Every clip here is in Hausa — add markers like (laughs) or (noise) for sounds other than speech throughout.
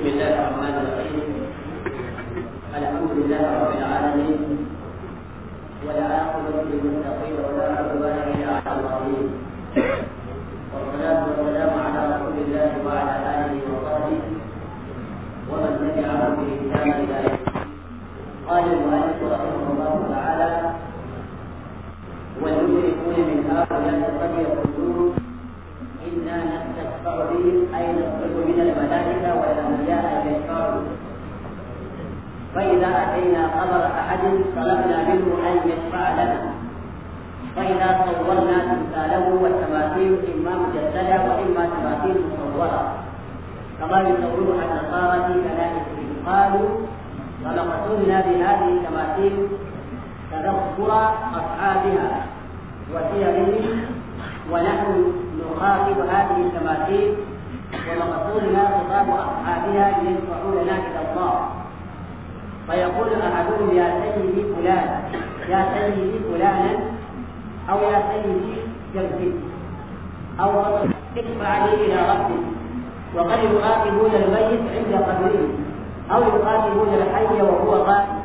بسم الله الرحمن الرحيم الحمد لله رب العالمين ولا عاقبة للمتقين ولا عدوان إلا على الظالمين والصلاة والسلام على رسول الله وعلى آله وصحبه ومن تبعه بإحسان إلى يوم قال المؤلف رحمه الله تعالى والمشركون من هؤلاء قد يقولون إنا نستشفع بهم أي نخرج من الملائكة ولا فإذا أتينا قبر أحد طلبنا منه أن يشفع لنا فإذا صورنا تمثاله والتماثيل إما مجسدة وإما تماثيل مصورة كما يصورها النصارى في كنائسهم قالوا فلقتلنا بهذه التماثيل تذكر أصحابها وسيرهم ونحن نخاطب هذه التماثيل ولقد خطاب أصحابها ليدفعون لك إلى الله فيقول أحدهم يا سيدي فلان يا سيدي فلانا أو يا سيدي جدي أو ادفع لي إلى ربي وقد يقاتلون الميت عند قبره أو يقاتلون الحي وهو قاتل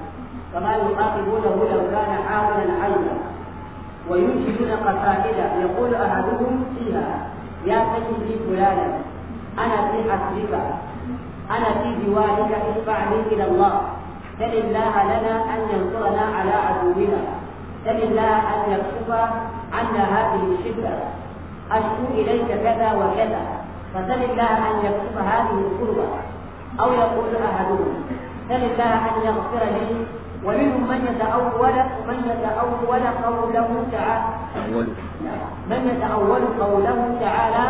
كما يقاتلونه لو كان حاضرا حيا وينشدون قصائد يقول أحدهم فيها يا سيدي فلانا أنا في حسبك أنا في جوارك لي إلى الله سل الله لنا أن ينصرنا على عدونا سل الله أن يكشف عنا هذه الشدة أشكو إليك كذا وكذا فسل الله أن يكشف هذه الكربة أو يقول أحدهم سل الله أن يغفر لي ومنهم من يتأول من يتأول قوله تعالى من يتأول قوله تعالى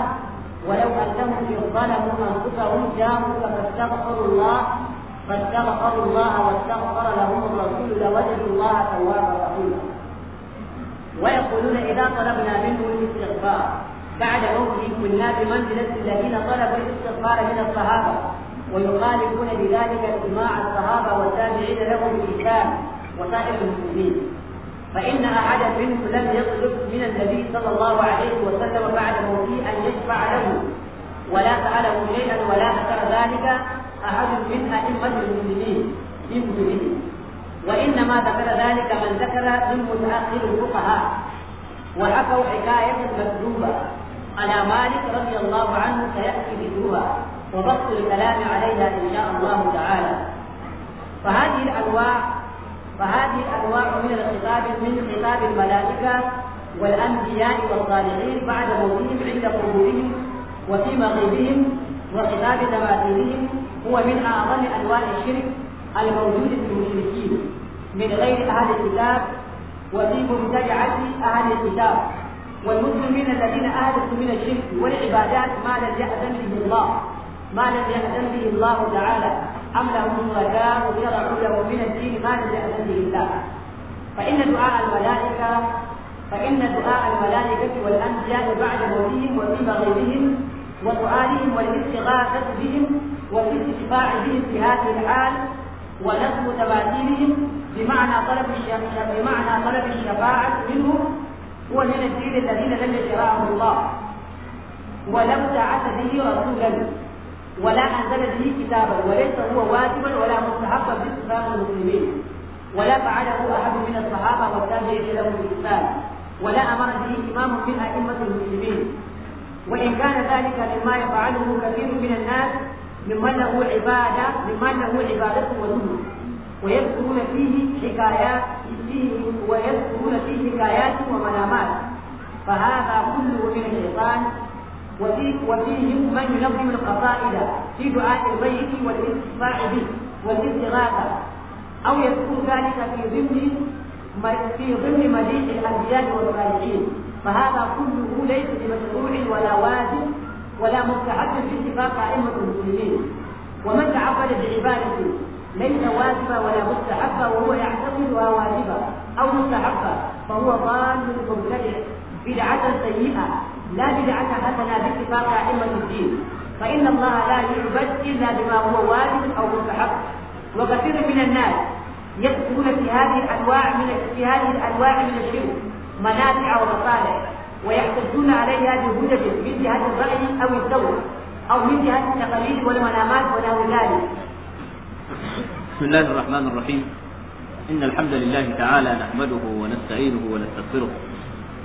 ولو انهم ان ظلموا انفسهم جاءوا فاستغفروا الله فاستغفروا الله واستغفر لهم الرسول لوجدوا الله توابا رحيما ويقولون اذا طلبنا منهم الاستغفار بعد موته كنا بمنزله الذين طلبوا الاستغفار من الصحابه ويخالفون بذلك اجماع الصحابه والتابعين لهم الكتاب وسائر المسلمين فإن أحدا منه لم يطلب من النبي صلى الله عليه وسلم بعد موته أن يشفع له ولا فعله شيئا ولا أثر ذلك أحد من أئمة المسلمين بمسلمين وإنما ذكر ذلك من ذكر من متأخر الفقهاء وحكوا حكاية مكذوبة على مالك رضي الله عنه سيأتي ذكرها وبسط الكلام عليها إن شاء الله تعالى فهذه الأنواع فهذه انواع من الخطاب من خطاب الملائكه والانبياء والصالحين بعد موتهم عند قبورهم وفي مغيبهم وخطاب تماثيلهم هو من اعظم انواع الشرك الموجود في المشركين من غير اهل الكتاب وفي مبتدعه اهل الكتاب والمسلمين الذين اهلكوا من الشرك والعبادات ما لم ياذن به الله ما لم ياذن به الله تعالى أم لهم شركاء شرعوا له من الدين ما لم يأذن به الله فإن دعاء الملائكة فإن دعاء الملائكة والأنبياء بعد موتهم وفي مغيبهم وسؤالهم والاستغاثة بهم وفي بهم في هذه الحال ونصب تماثيلهم بمعنى طلب بمعنى طلب الشفاعة منهم هو من الدين الذين لم يشرعه الله ولم تعت به رسولا ولا أنزل به كتابا وليس هو واجبا ولا مستحقا باتفاق المسلمين ولا فعله أحد من الصحابة والتابعين لهم بإحسان ولا أمر به إمام من أئمة المسلمين وإن كان ذلك مما يفعله كثير من الناس ممن له عبادة ممن له عبادة ونهج ويذكرون فيه حكايات فيه ويذكرون فيه حكايات ومنامات فهذا كله من الشيطان وفيه, من ينظم القصائد في دعاء البيت والاستصفاء به والاستغاثة أو يكون ذلك في ضمن في ضمن مديح الأنبياء والصالحين فهذا كله ليس بمشروع ولا واجب ولا مستحب باتفاق أئمة المسلمين ومن تعبد بعبادة ليس واجبا ولا مستحبا وهو يعتقدها واجبة أو مستحبة فهو ضال مبتدع بدعة سيئة لا بدعة حسنة باتفاق أئمة الدين فإن الله لا يعبد إلا بما هو واجب أو مستحق وكثير من الناس يدخلون في هذه الأنواع من في هذه الأنواع من الشرك منافع ومصالح ويحتجون عليها بهدج من جهة الرأي أو الدور أو من جهة التقاليد والمنامات ونحو ذلك. بسم الله الرحمن الرحيم إن الحمد لله تعالى نحمده ونستعينه ونستغفره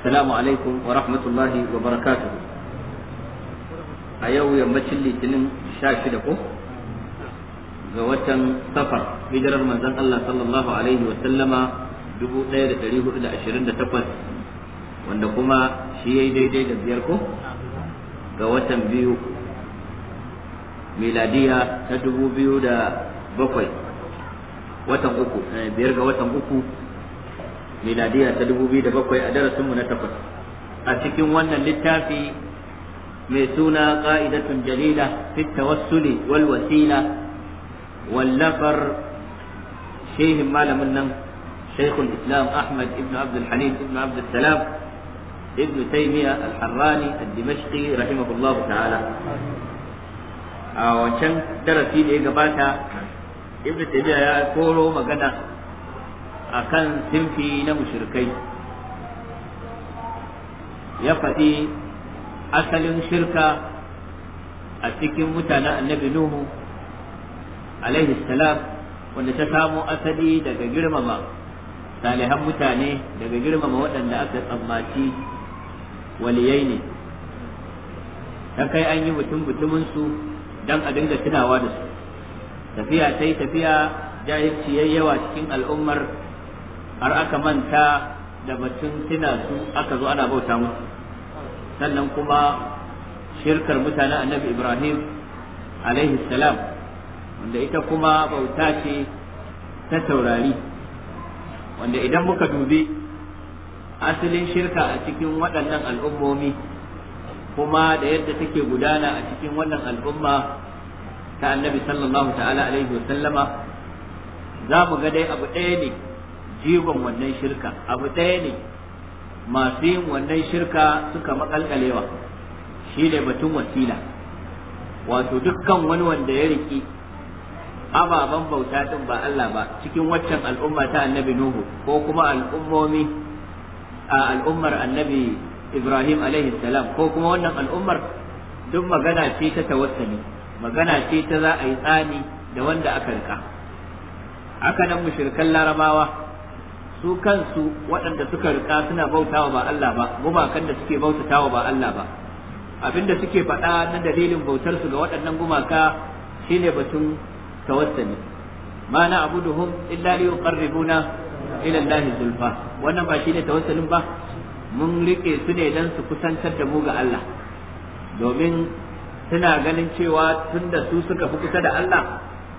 السلام عليكم ورحمة الله وبركاته أيو Litinin اللي تنم شاشدكم ga watan safar hijirar manzon Allah sallallahu alaihi wa sallama 1428 wanda kuma shi yayi daidai da biyar ko ga watan biyu miladiya ta 2007 watan uku eh, biyar ga watan uku miladiya ta bakwai a darasin mu na takwas a cikin wannan littafi mai suna qa'idatun jalila fi tawassuli wal wasila wallafar shehin malamin nan shaykhul islam ahmad ibn abd al-halim ibn abd salam ibn taymiya al-harrani al-dimashqi rahimahullah ta'ala a wancan darasi da ya gabata ibn taymiya ya koro magana akan sinfi na mushrikai ya faɗi asalin shirka a cikin mutanen annabi nuhu alaihi salam wanda ta samo asali daga girmama salihan mutane daga girmama waɗanda aka tsammaci waliyai ne ta kai an yi mutum mutuminsu don a dinga tunawa da su tafiya sai tafiya jahilci ciyayyawa cikin al'ummar har aka manta da batun tuna su aka zo ana bauta mu. sannan kuma shirkar mutanen annabi ibrahim alaihi salam wanda ita kuma bauta ce ta taurari wanda idan muka dubi asalin shirka a cikin waɗannan al'ummomi kuma da yadda take gudana a cikin wannan al'umma ta annabi sallallahu ta'ala alaihi wa sallama za mu ga dai abu ɗaya ne jigon wannan shirka abu ɗaya ne masu yin wannan shirka suka makalkalewa shi ne batun wasila wato dukkan wani wanda ya riki ababen bauta din ba Allah ba cikin waccan al'umma ta annabi Nuhu ko kuma al'ummomi a al'ummar annabi Ibrahim alaihi salam ko kuma wannan al'ummar duk magana ce ta tawassuli magana ce ta za a yi tsani da wanda aka rika haka nan mushrikan larabawa su kansu waɗanda suka rika suna bautawa ba Allah ba gumakan da suke bautatawa ba Allah ba abinda suke faɗa na dalilin bautar su ga waɗannan gumaka shine batun tawassuli ma na abuduhum illa li yuqarribuna ila Allah zulfa wannan ba shine tawassulin ba mun rike su ne dan su kusantar da mu ga Allah domin suna ganin cewa tunda su suka fi kusa da Allah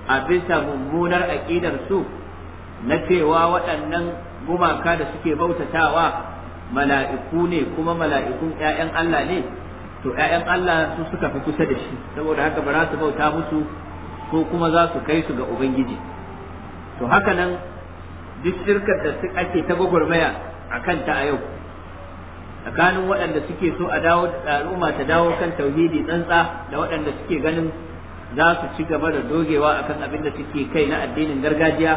a bisa mummunar aqidar su na cewa waɗannan gumaka da suke bautatawa mala'iku ne kuma mala'ikun ‘ya'yan Allah ne to ‘ya'yan Allah su suka fi kusa da shi saboda haka ba za su bauta musu ko kuma za su kai su ga Ubangiji to haka nan duk shirkar da ake ta gwagwarmaya a kanta a yau tsakanin waɗanda suke so a dawo da al'umma ta dawo kan tauhidi tsantsa da waɗanda suke ganin za su ci gaba da dogewa akan abin da suke kai na addinin gargajiya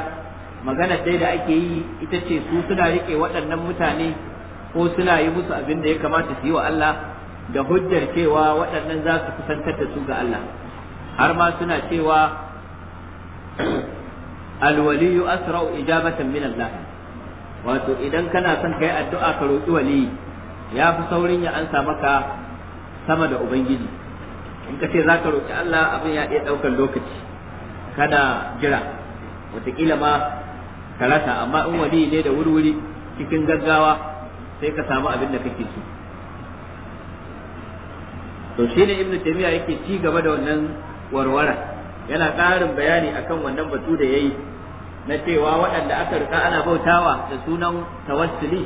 magana dai da ake yi ita ce su suna rike waɗannan mutane ko suna yi musu abin da ya kamata su yi wa Allah da hujjar cewa waɗannan za su kusantar da su ga Allah har ma suna cewa alwaliyu asra'u ijabatan min Allah wato idan kana son kai addu'a ka roƙi wali ya fi saurin ya ansa maka sama da ubangiji in ka ce za ka roƙi Allah abin ya iya ɗaukar lokaci kana jira wataƙila ma ka rasa amma in wani ne da wurwuri cikin gaggawa sai ka samu abin da kake so to shi ne ibnu tamiya yake ci gaba da wannan warwara yana ƙarin bayani akan wannan batu da yayi na cewa waɗanda aka rika ana bautawa da sunan tawassuli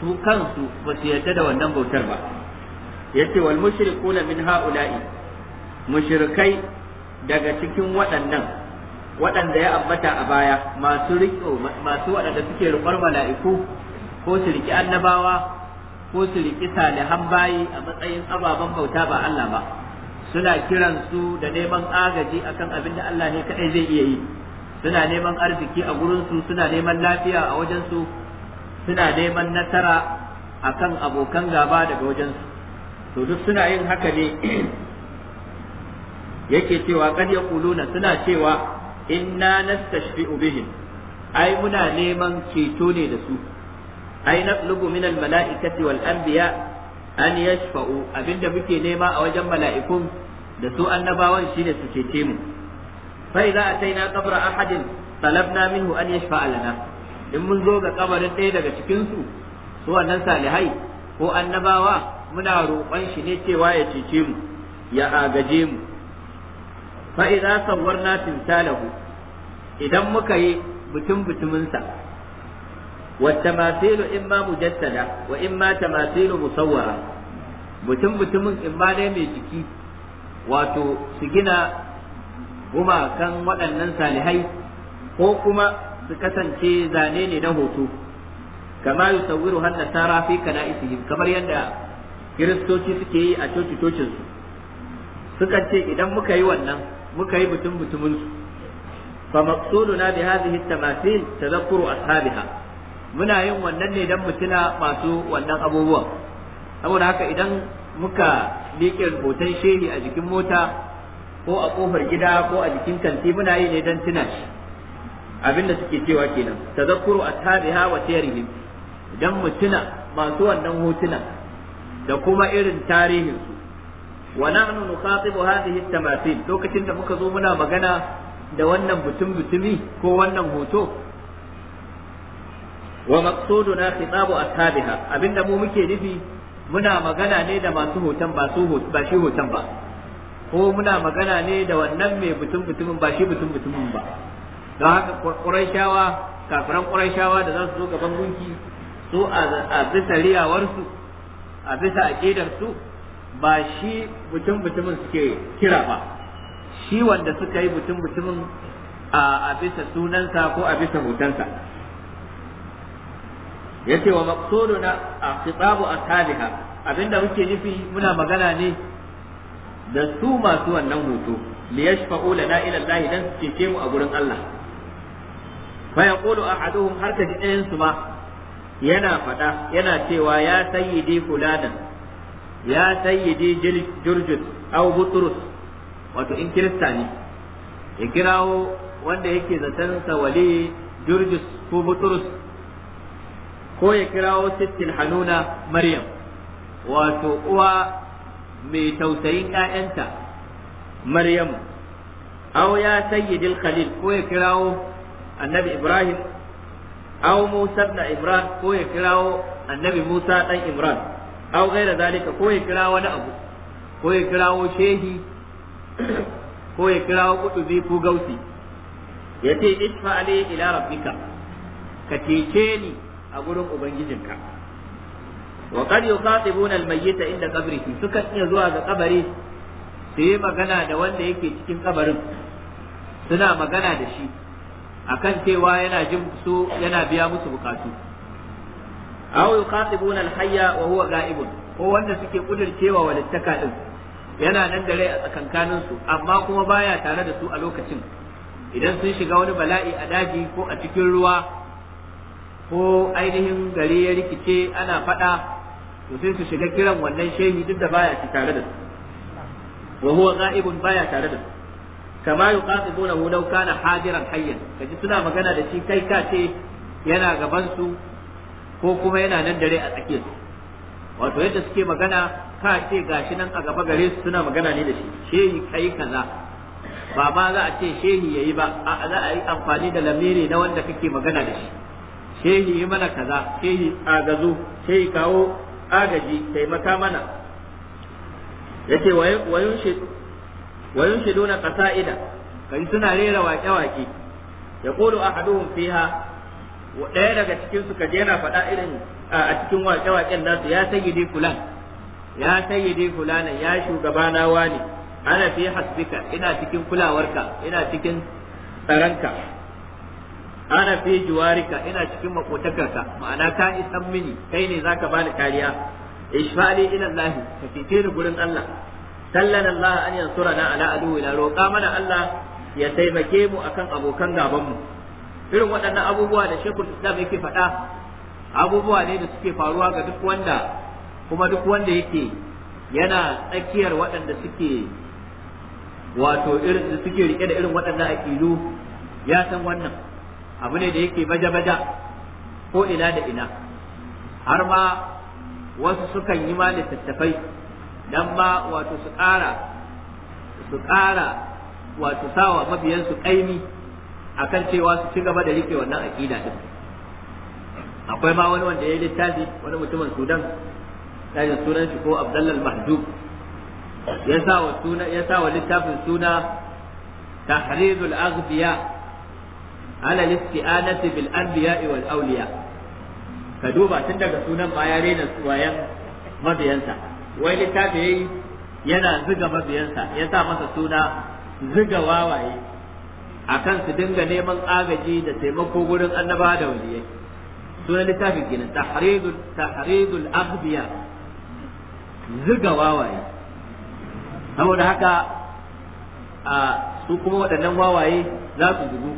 su kansu ba su yarda da wannan bautar ba yace wal mushrikuna min haula'i mushrikai daga cikin waɗannan waɗanda ya ambata a baya masu riƙo masu waɗanda suke riƙon mala'iku ko su riƙi annabawa ko su riƙi salihan bayi a matsayin ababen bauta ba Allah ba suna kiran su da neman agaji akan abin da Allah ne kaɗai zai iya yi suna neman arziki a gurin su suna neman lafiya a wajen su suna neman nasara akan abokan gaba daga wajen su to duk suna yin haka ne (clears throat) yake cewa kad yaquluna suna cewa inna nastashfi'u bihim ai muna neman ceto ne da su ai naqlubu min al wal anbiya an yashfa'u abinda muke nema a wajen mala'ikun da su annabawan shine su cece mu fa idza ataina qabra ahadin talabna minhu an yashfa'a lana in mun zo ga kabarin ɗaya daga cikin su su wannan salihai ko annabawa muna roƙon shi ne cewa ya cece mu ya agaje mu fa idza sawwarna timsalahu idan muka yi butun butumin sa wa tamasilu imma mujassada wa imma tamasilu musawwara butun butumin imma dai mai jiki wato su gina gumakan waɗannan salihai ko kuma su kasance zane ne na hoto kama yusawwiru hanna tara fi kana'isihim kamar yadda kiristoci suke yi a coci-cocinsu sukan ce idan muka yi wannan muka yi mutum mutumin su fa maqsuduna bi hadhihi tamathil tadhakkuru ashabiha muna yin wannan ne dan mutuna masu wannan abubuwan saboda haka idan muka liƙe rubutan shehi a jikin mota ko a kofar gida ko a jikin kanti muna yi ne dan tuna shi abinda suke cewa kenan tadhakkuru ashabiha wa sirrihim dan mutuna masu wannan hotuna da kuma irin tarihinsu wa nahnu nukhatibu hadhihi at-tamathil lokacin da muka zo muna magana da wannan mutum mutumi ko wannan hoto wa maqsuduna khitabu ashabiha abinda mu muke nufi muna magana ne da masu hoton ba su ba shi hoton ba ko muna magana ne da wannan mai mutum mutumin ba shi mutum mutumin ba don haka qurayshawa kafiran qurayshawa da za su zo gaban gunki su a bisa riyawarsu a bisa aqidarsu su ba shi mutum mutumin suke kira ba shi wanda suka yi mutum mutumin a bisa sunansa ko a bisa hutansa ce wa maqsuduna a a taliha abinda muke nufi muna magana ne da su masu wannan hoto li yashfa'u lana na'ilar lahi dan su ce mu a gurin Allah bayan ƙulu a har harkar ɗayan ma yana faɗa yana cewa ya sayi fulanan ya sayyidi jurjud au butrus wato in kirista ne ya kirawo wanda yake zaton sa wali jurjus ko butrus ko ya kirawo sittin hanuna maryam wato uwa mai tausayin ƴaƴanta maryam au ya sayyidil khalil ko ya kirawo annabi ibrahim au musa da imran ko ya kirawo annabi musa dan imran aw da zalika ko ya kira wani abu ko ya kirawo shehi ko ya kirawo kutubi ko gausi ya ce ali ila rabbika ka cece ni a gurin ubangijinka wa qad yuqatibuna al inda qabrihi sukan iya zuwa ga kabari su yi magana da wanda yake cikin kabarin suna magana da shi akan cewa yana jin su yana biya musu bukatu aw yuqatibuna al-hayya wa huwa ga'ibun ko wanda suke kudircewa walittaka din yana nan da rai a tsakankanin su amma kuma baya tare da su a lokacin idan sun shiga wani bala'i a daji ko a cikin ruwa ko ainihin gari ya rikice ana fada to sai su shiga kiran wannan shehi duk da baya tare da su wa huwa baya tare da su kama yuqatibunahu law kana hadiran hayyan kaji suna magana da shi kai ka ce yana gaban su ko kuma yana nan dare a tsakiyar su wato yadda suke magana ka ce gashi nan a gaba gare su suna magana ne da shi shehi kai kaza ba ma za a ce shehi yayi ba a za a yi amfani da lamiri na wanda kake magana da shi shehi yi mana kaza shehi agazo shehi kawo agaji taimaka mana yace wayun shi wayun shi dona qasa'ida kai suna rera waƙe-waƙe yaqulu ahaduhum fiha ɗaya daga cikin su kaje yana faɗa irin a cikin waƙe-waƙen nasu ya sayyidi fulan ya sayyidi fulana ya shugabana wani ana fi hasbika ina cikin kulawarka ina cikin tsaranka ana fi juwarika ina cikin makotakarka ma'ana ka isan mini kai ne zaka bani kariya ishfali ila Allah ka fice ni gurin Allah sallana Allah an yansurana ala adu ila roƙa mana Allah ya taimake mu akan abokan gaban mu irin waɗannan abubuwa da shekul islam yake faɗa abubuwa ne da suke faruwa ga duk wanda kuma duk wanda yake yana tsakiyar waɗanda suke wato irin da suke rike da irin waɗannan aƙidu ya san wannan abu ne da yake baja-baja ko ina da ina har ma wasu sukan yi ma littattafai dan ma wato su ƙara su ƙara wato sawa mabiyansu ƙaimi akan cewa su ci gaba da rike wannan aqida din akwai ma wani wanda ya yi littafi wani mutumin Sudan ɗayan sunan shi ko Abdullal Mahjub ya sa wa suna ya sa wa littafin suna tahrirul aghbiya ala isti'anati bil anbiya'i wal awliya ka duba tun daga sunan ba ya rena wayan mabiyansa wai littafi yayi yana ziga mabiyansa ya sa masa suna ziga wawaye akan su dinga neman agaji da taimako gurin annaba da waliyai sunan littafin ginin tahridul tahridul aghbiya zuga wawaye saboda haka a su kuma waɗannan wawaye za su zugu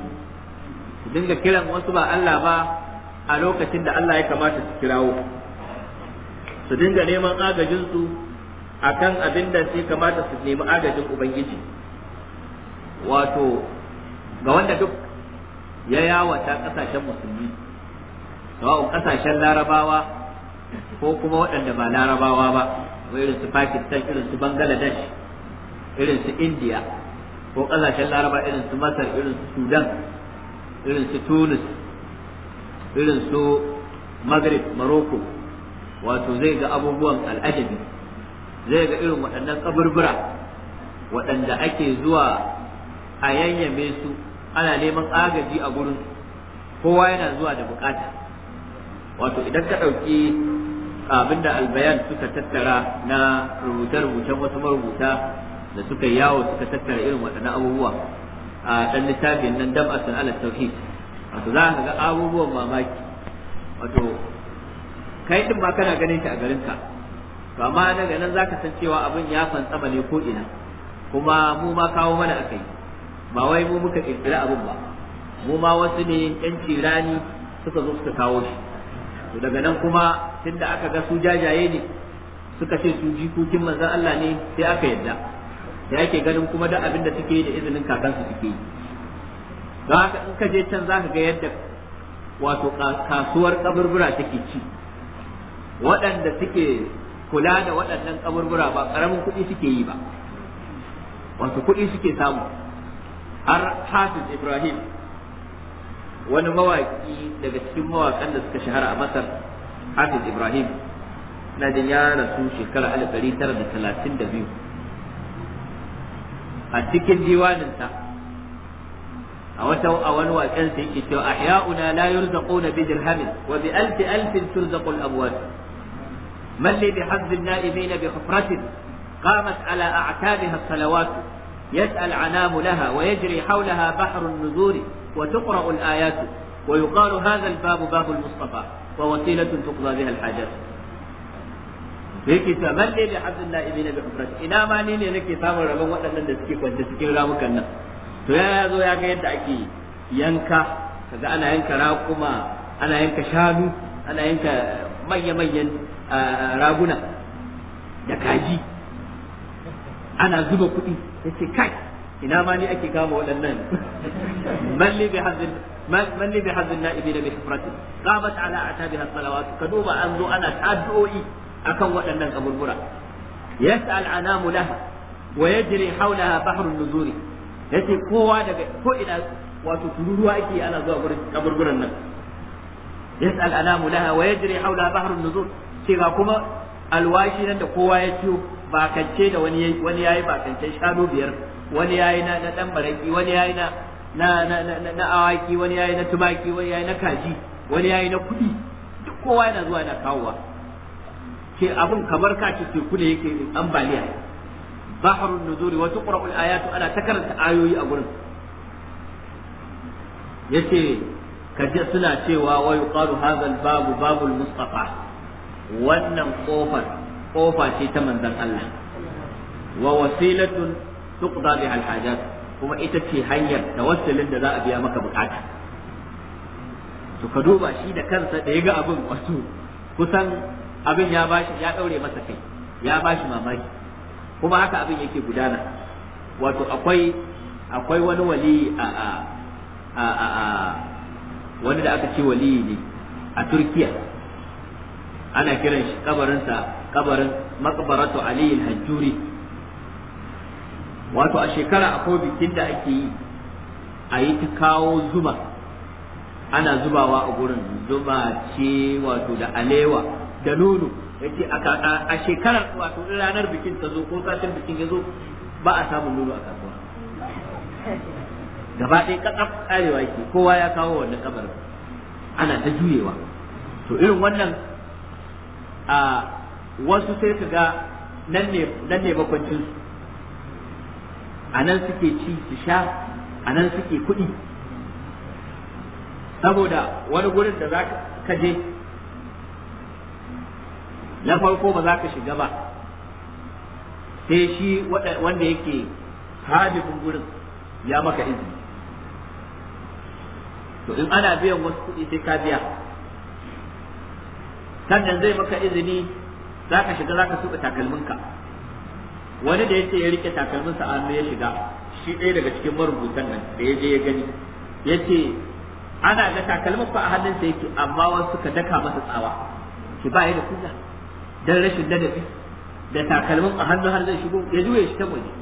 su dinga kiran wasu ba Allah ba a lokacin da Allah ya kamata su kirawo su dinga neman agajinsu akan abin da sai kamata su nemi agajin ubangiji wato ga wanda duk ya yawata kasashen musulmi sawa'un kasashen larabawa ko kuma waɗanda ba larabawa ba irin su pakistan irin su bangladesh irin su india ko kasashen laraba irin su masar irin su sudan irin su tunis irin su maghrib morocco wato zai ga abubuwan al'ajabi zai ga irin waɗannan kaburbura waɗanda ake zuwa a yayyame su ana neman agaji a gurin kowa yana zuwa da bukata wato idan ka ɗauki abinda albayan suka tattara na rubuce-rubucen wasu marubuta da suka yawo suka tattara irin waɗannan abubuwa a ɗan littafin nan dam asan ala tauhid wato za ka ga abubuwan mamaki wato kai din ma kana ganin shi a garin ka. to amma daga nan zaka san cewa abin ya fantsama ne ko ina kuma mu ma kawo mana akai ba wai mu muka kirkira abin ba mu ma wasu ne yan cirani suka zo suka kawo shi to daga nan kuma tunda aka ga su jajaye ne suka ce su jikokin manzon Allah ne sai aka yadda da yake ganin kuma da abin da suke yi da izinin kakansu suke yi don haka in ka je can zaka ga yadda wato kasuwar kaburbura take ci waɗanda suke kula da waɗannan kaburbura ba ƙaramin kuɗi suke yi ba wato kuɗi suke samu har hafiz ibrahim wani mawaki daga cikin mawakan da suka shahara a masar hafiz ibrahim na jin ya rasu shekara alif tara da talatin da biyu a cikin diwaninsa a wata a wani waƙen sa yake cewa ahya'una la yurzaquna bi dirhamin wa bi alfi alfin turzaqu al-abwat man li bi hadd an-na'ibina bi khufratin qamat ala a'tabiha as-salawat يسأل عنام لها ويجري حولها بحر النذور وتقرأ الآيات ويقال هذا الباب باب المصطفى ووسيلة تقضى بها الحاجات yake ta malle bi abdullah ibn abi umrat ina ma ne ne nake samun rabon waɗannan da suke kwanta cikin ramukan nan to ya zo ya ga yadda ake yanka kaga ana yanka raƙuma ana yanka shanu ana yanka manya manyan raguna da kaji ana zuba kuɗi yace kai ina ma ni ake kama waɗannan malli bi hazin malli bi hazin na'ibi da bi hifratin qamat ala an zo ana addu'o'i akan waɗannan kaburbura yas'al anamu laha wa yajri hawlaha bahrun nuzuri yace kowa daga ko ina wato tururuwa ake ana zuwa gurin kaburburan nan yas'al anamu laha wa yajri hawlaha bahrun nuzur ce kuma alwashi nan da kowa ya ciyo bakance da wani wani yayi bakance shanu biyar wani yayi na dan baraki wani yayi na na na na awaki wani yayi na tumaki wani yayi na kaji wani yayi na kudi duk kowa yana zuwa yana kawowa ke abun kamar ka ce teku ne yake ambaliya bahrun nuzuri wa tuqra'u al-ayatu ana ta karanta ayoyi a gurin yace kaje suna cewa wa yuqalu hadha al-babu babul mustafa wannan kofar kofa ce ta manzan Allah wa wasilatun tuqda biha alhajat kuma ita ce hanyar tawassulin da za a biya maka bukata to ka duba shi da kansa da ya ga abin wato kusan abin ya bashi ya daure masa kai ya bashi mamaki kuma haka abin yake gudana wato akwai akwai wani wali a a a a wani da aka ce wali ne a Turkiya ana kiran shi kabarinsa kabarin makabaratu Ali al-Hajjuri wato a shekara akwai bikin da ake yi a yi ta kawo zuba, ana zubawa a gurin zuba ce wato da alewa da nono yace a shekarar wato ranar bikin ta zo ko satin bikin ya zo ba a samun nono a kasuwa gaba ɗaya ƙasar arewa yake kowa ya kawo wannan kabarin ana ta juyewa to irin wannan a wasu sai su ga nan ne nan a nan suke ci su sha a nan suke kuɗi saboda wani gurin da za ka je na farko ba za ka shiga ba sai shi wanda yake hajjifin gurin ya maka izini to in ana biyan wasu kuɗi sai ka biya sannan zai maka izini zaka shiga zaka tuba takalminka wani da yace ya rike takalminsa a hannu ya shiga shi ɗaya daga cikin marubutan nan da ya je ya gani yace ana ga takalmin fa a hannun sa yake amma wasu suka daka masa tsawa ki ba ya da kunya dan rashin ladabi da takalmin a hannu har zai shigo ya juye shi ta waje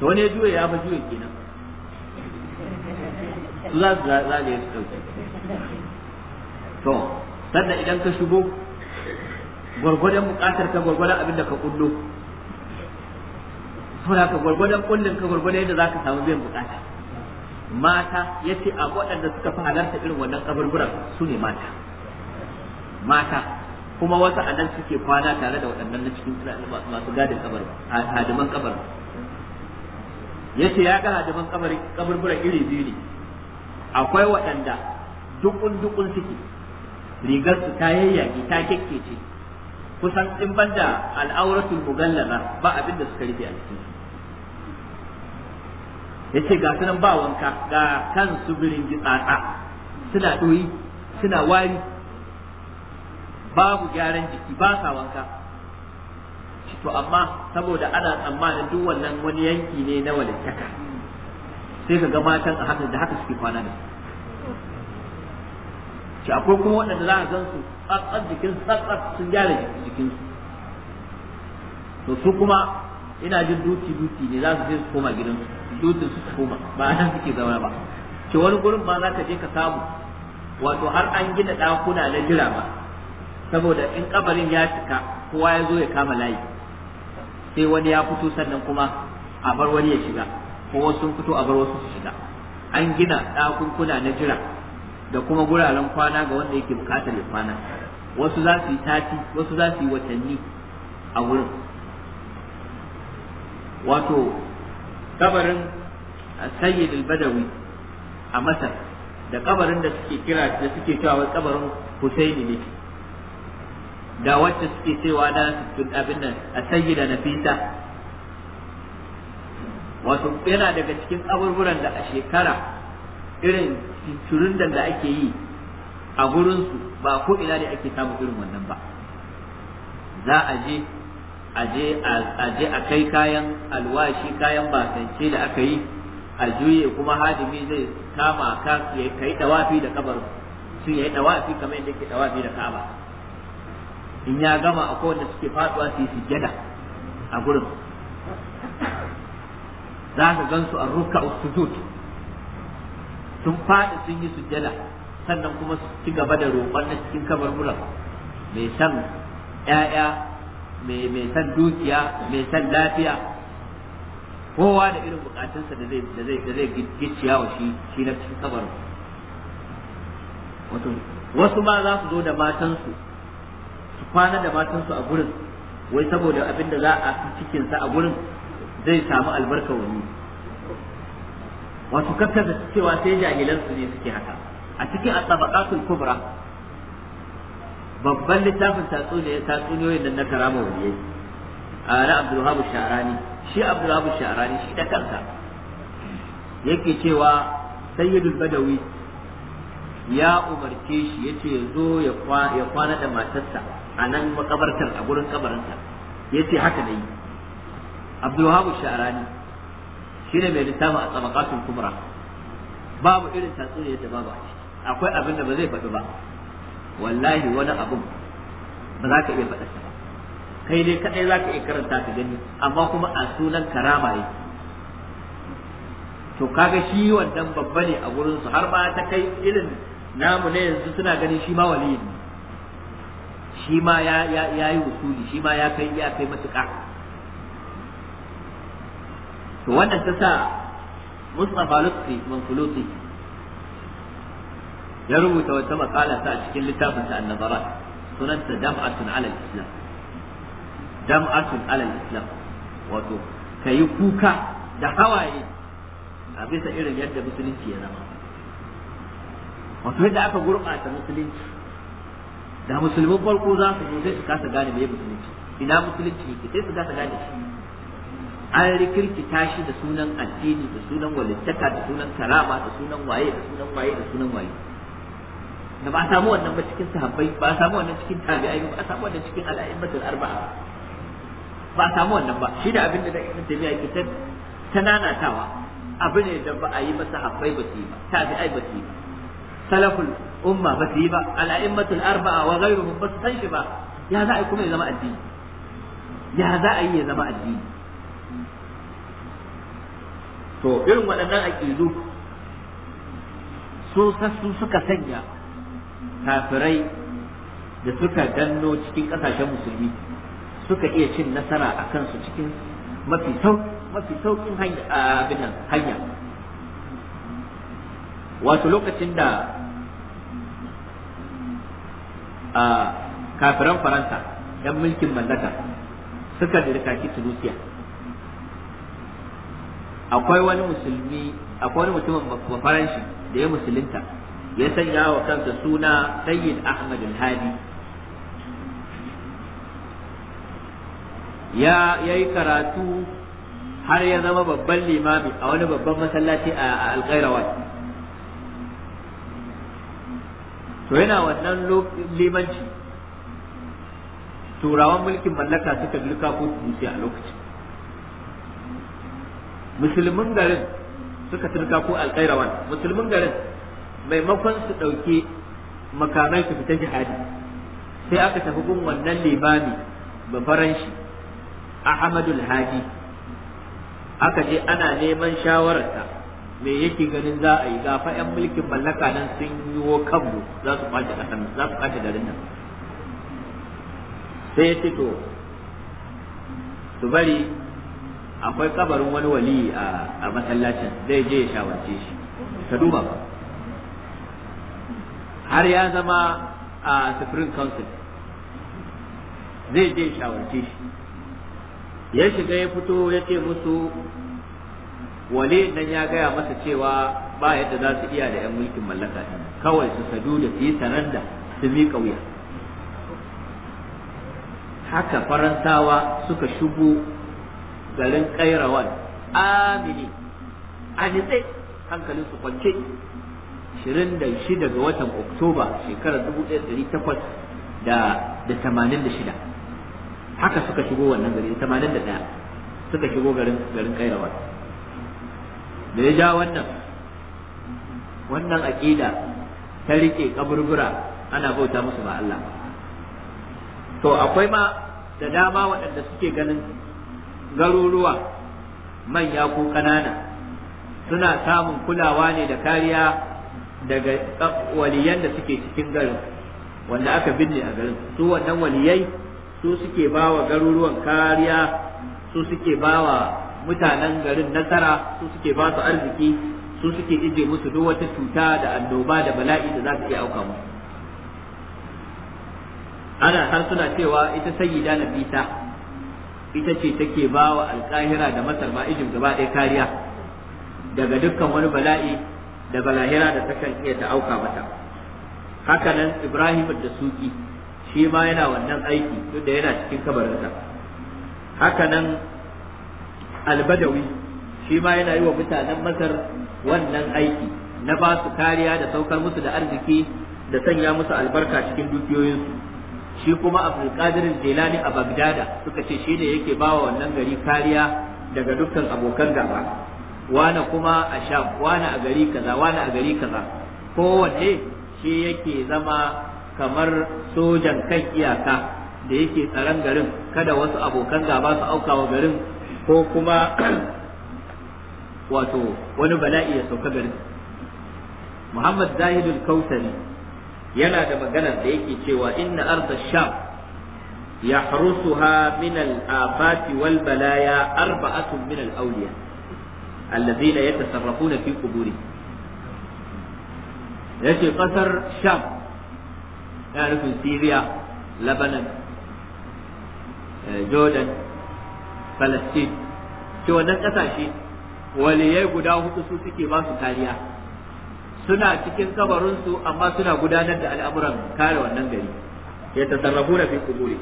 to wani ya juye ya fa juye kenan za za za ne su to sannan idan ka shigo gwargwadon bukatar ka gwargwadon abin da ka kullo saboda ka gwargwadon kullun ka gwargwadon yadda zaka samu biyan bukata mata yace a waɗanda suka fi halarta irin wannan kaburburan su ne mata mata kuma wasu a nan suke kwana tare da waɗannan na cikin masu gadin kabar hadiman kabar yace ya ga hadiman kabar kaburburan iri biyu ne akwai waɗanda dukun dukun suke rigar su ta yayyage ta kekkece kusan in banda al'auratul mugallaza ba abin da suka rufe a yace ya ce ga sunan ba wanka ga su birin gitsatsa suna ɗoyi suna wari babu gyaran jiki ba sa wanka to amma saboda ana tsammanin duk wannan wani yanki ne na walittaka sai ka ga matan a haka da haka suke kwana da su shi akwai kuma waɗanda za a san su tsatsar jikin tsatsar sun gyara jikinsu to su kuma ina jin duti duti ne za su je su koma gidansu dutin su koma ba a nan suke zama ba ke wani gurin ma za ka je ka samu wato har an gina ɗakuna na jira ba saboda in kabarin ya cika kowa ya zo ya kama layi sai wani ya fito sannan kuma a bar wani ya shiga ko wasu fito a bar wasu su shiga an gina ɗakunkuna na jira da kuma guraren kwana ga wanda yake bukatar ya kwana wasu za su yi tati wasu za su yi watanni a wurin wato kabarin sayyid al-badawi a masar da kabarin da suke kira da suke cewa wai kabarin husaini ne da wacce suke cewa na abin nan a sayyida nafisa wato yana daga cikin kaburburan da a shekara irin turun da ake yi a gurinsu ba ko ina ne ake samun irin wannan ba za a je a je a kai kayan alwashi kayan basance da aka yi a juye kuma hadimi zai kama ka ya kai dawafi da kabarin su ya yi dawafi kamar yadda ke dawafi da kaba in ya gama akwai wanda suke faduwa su yi sujjada a gurin za ka gan su a ruka sujud sun faɗi sun yi sujjada sannan kuma su ci gaba da roƙon na cikin kabarburan mai san ƴaƴa mai san dukiya mai san lafiya kowa da irin bukatunsa da zai da zai da zai gicciya wa shi shi na cikin kabar wato wasu ma za su zo da matansu su kwana da matansu a gurin wai saboda abin da za a cikinsa a gurin zai samu albarka wani Wasu kakka da cewa sai jahilan su ne suke haka a cikin at kubra babban littafin tatsuniyoyin tatsuniyoyin nan na karama waliyai na Abdulwahab Sha'rani shi Habu Sha'rani shi da kansa yake cewa sayyidul badawi ya umarce shi yace ya zo ya kwana da matarsa a nan makabartar a gurin kabarinta yace haka nayi Abdulwahab Sha'rani shine mai littafin a tsamakatun kubra babu irin tatsuniyar da babu a ciki akwai abin da ba zai faɗi ba wallahi wani abun ba za ka iya faɗa ba kai ne kadai za ka iya karanta ka gani amma kuma a sunan karama ne to kaga shi wannan babba ne a gurin su har ma ta kai irin namu ne yanzu suna ganin shi ma waliyi ne shi ma ya ya yi wusuli shi ma ya kai ya kai matuƙa to wannan ta sa Mustafa Lutfi Manfuluti ya rubuta wata makala ta a cikin littafin ta An-Nazarat sunanta Dam'atun Alal islam Dam'atun Alal islam wato kayi kuka da hawaye a bisa irin yadda musulunci ya zama wato yadda aka gurɓata musulunci da musulmin farko za su zo sai su kasa gane me musulunci ina musulunci ke sai su kasa gane shi an rikirkita shi da sunan addini da sunan walittaka da sunan karama da sunan waye da sunan waye da sunan waye da ba a samu wannan ba cikin sahabbai ba a samu wannan cikin tabi'ai ba a samu wannan cikin al'aimatul arba'a ba a samu wannan ba shi da abin da ibn tabi'a yake ta tananatawa abu ne da ba a yi masa sahabbai ba su yi ba tabi'ai ba su yi ba salaful umma ba su yi ba al'aimatul arba'a wa ghayruhum ba su san shi ba ya za a yi kuma ya zama addini ya za a yi ya zama addini to irin waɗannan aƙidu su sassu suka sanya kafirai da suka ganno cikin ƙasashen musulmi suka iya cin nasara a kansu cikin mafi mafi sauƙin hanya wato lokacin da a kafiran faransa 'yan mulkin mallaka suka ki tunisia akwai wani musulmi akwai wani mutumin bafaranshi da ya musulunta ya sanya wa kansa suna sayyid ahmad Alhadi? hadi ya yayi karatu har ya zama babban limami a wani babban masallaci a alƙairawat to yana wannan limanci turawan mulkin mallaka suka duka ko a lokacin musulmin garin suka turka ko alƙairawan musulmin garin maimakon su ɗauki makamai su fita jihadi sai aka tafi gun wannan limami bafaran shi ahmadul hadi aka je ana neman shawararsa me yake ganin za a yi gafa 'yan mulkin mallaka nan sun yi wo kanmu za su kwace ƙasar za su kwace garin nan sai ya ce su bari akwai kabarin wani wali a masallacin zai je ya shawarce shi ka duba ba har ya zama a supreme council zai je ya shawarce shi ya shiga ya fito ya ce musu wali nan ya gaya masa cewa ba yadda za su iya da 'yan mulkin mallaka kawai su sadu da su yi saranda su miƙa wuya haka faransawa suka shigo garin kairawan amini a nitse hankalin su kwance 26 ga watan oktoba shekarar 1886 haka suka shigo wannan gari 81 suka shigo garin kairawan da ya ja wannan wannan aqida ta rike kaburbura ana bauta musu ba Allah to akwai ma da dama waɗanda suke ganin garuruwa manya ko ƙanana suna samun kulawa ne da kariya daga waliyan da suke cikin garin wanda aka binne a garin su wannan waliyai su suke ba garuruwan kariya su suke ba mutanen garin nasara su suke ba su arziki su suke ije musu duk wata cuta da annoba da bala'i da za su iya auka musu ana har suna cewa ita sayyida nabita ita ce take ba wa alkahira da masar ma ijin gaba ɗaya kariya daga dukkan wani bala'i da balahira da kan iya ta auka haka hakanan ibrahim da suki shi ma yana wannan aiki duk da yana cikin kabarinsa hakanan albadawi shi ma yana yi wa mutanen masar wannan aiki na ba su kariya da saukar musu da arziki da sanya musu albarka cikin dukiyoyinsu shi kuma qadir jilani a bagdada suka ce shi ne yake bawa wannan gari kariya daga dukkan abokan gaba wani kuma a sham wani a gari kaza wani a gari kaza kowanne shi yake zama kamar sojan kan iyaka da yake tsaron garin kada wasu abokan gaba su auka wa garin ko kuma (clears throat) wato wani bala'i ya sauka garin muhammad zahidul kautari yana da maganar da yake cewa inna arda sham yahrusuha min al wal balaya arba'atun min al-awliya alladhina yatasarrafuna fi quburi yace kasar sham ya nufin syria lebanon eh, jordan palestine ce wannan kasashe waliyai guda hudu su suke ba su kariya suna cikin kabarinsu amma suna gudanar da al'amuran kare wannan gari ya tasarrafu na fi kuburi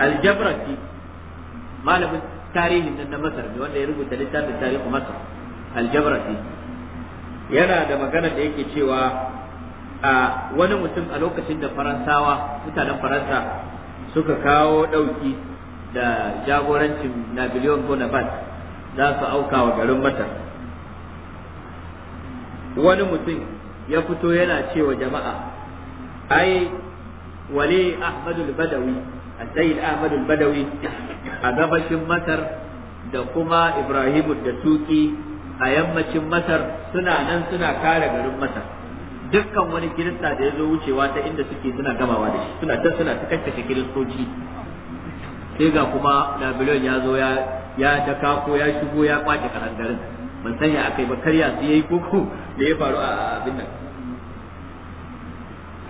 aljabrati malamin tarihin nan na masar ne wanda ya rubuta littafin tarihin masar aljabrati yana da magana da yake cewa a wani mutum a lokacin da faransawa mutanen faransa suka kawo ɗauki da jagorancin napoleon bonaparte za su auka wa garin masar wani mutum ya fito yana cewa jama'a ai Wale ahmadul badawi addayil ahmadul badawi a gabashin masar da kuma ibrahimu da tuki a yammacin masar suna nan suna kare garin masar dukkan wani kirista da ya zo wucewa ta inda suke suna gamawa da shi suna ta suna ta kakkashe kiristoci sai ga kuma nabilan ya zo ya ya daka ko ya shigo ya kwace garin ban sanya akai ba karya su yayi koko da ya faru a abin nan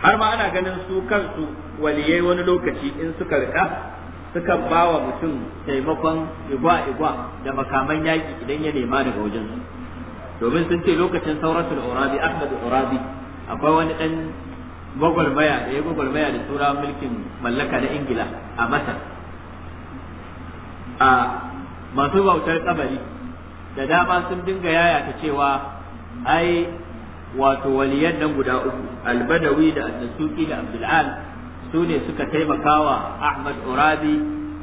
har ma ana ganin su kansu waliyai wani lokaci in suka rika suka ba wa mutum taimakon igwa igwa da makaman yaki idan ya nema daga wajen su domin sun ce lokacin sauratul urabi ahmadu urabi akwai wani dan gwagwarmaya da ya gwagwarmaya da tura mulkin mallaka na ingila a masar a masu bautar kabari da dama sun dinga yayata cewa ai wato waliyan nan guda uku albadawi da annasuki da Abdul'al su ne suka taimakawa ahmad urabi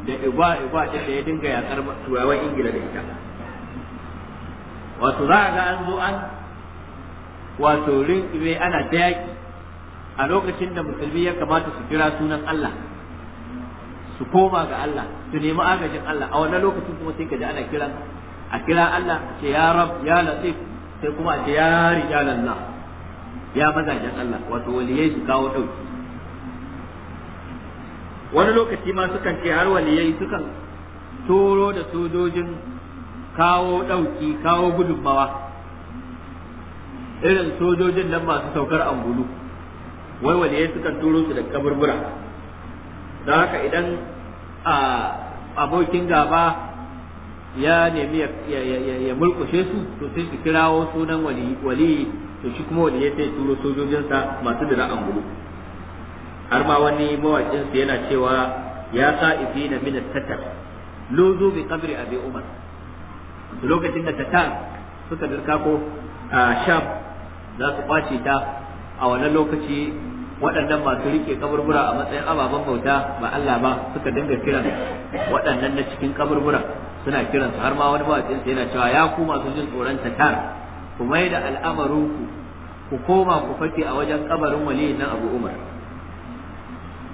da igwa igwa da ya dinga yakar turawan ingila da ita wato za a ga an zo an wato rinƙibe ana ta yaƙi a lokacin da musulmi ya kamata su kira sunan Allah su koma ga Allah su nemi agajin Allah a wannan lokacin kuma sai ka ji ana kiran a kira Allah ce ya rab ya latif sai kuma a ce ya rijalan na ya mazajen Allah wato waliyai su kawo dauki wani lokaci ma sukan ce har waliyai sukan turo da sojojin kawo dauki kawo gudunmawa irin sojojin nan masu saukar angulu wai waliyai sukan turo su da kaburbura don haka idan abokin gaba ya nemi ya mulkushe su to sai su kirawo sunan wali to shi kuma wali ya sai turo sojojinsa masu dira an gudu har ma wani mawaƙin yana cewa ya sa ifi na min tatar luzu bi a bai umar lokacin da tatar suka dirka ko a sham za su kwace ta a wannan lokaci waɗannan masu rike kaburbura a matsayin ababen bauta ba Allah ba suka dinga kiran waɗannan na cikin kaburbura suna kiransu har ma wani mawaƙin yana cewa ya koma su jin tsoron ta ku mai da al'amarinku ku koma ku fake a wajen kabarin waliyin nan Abu Umar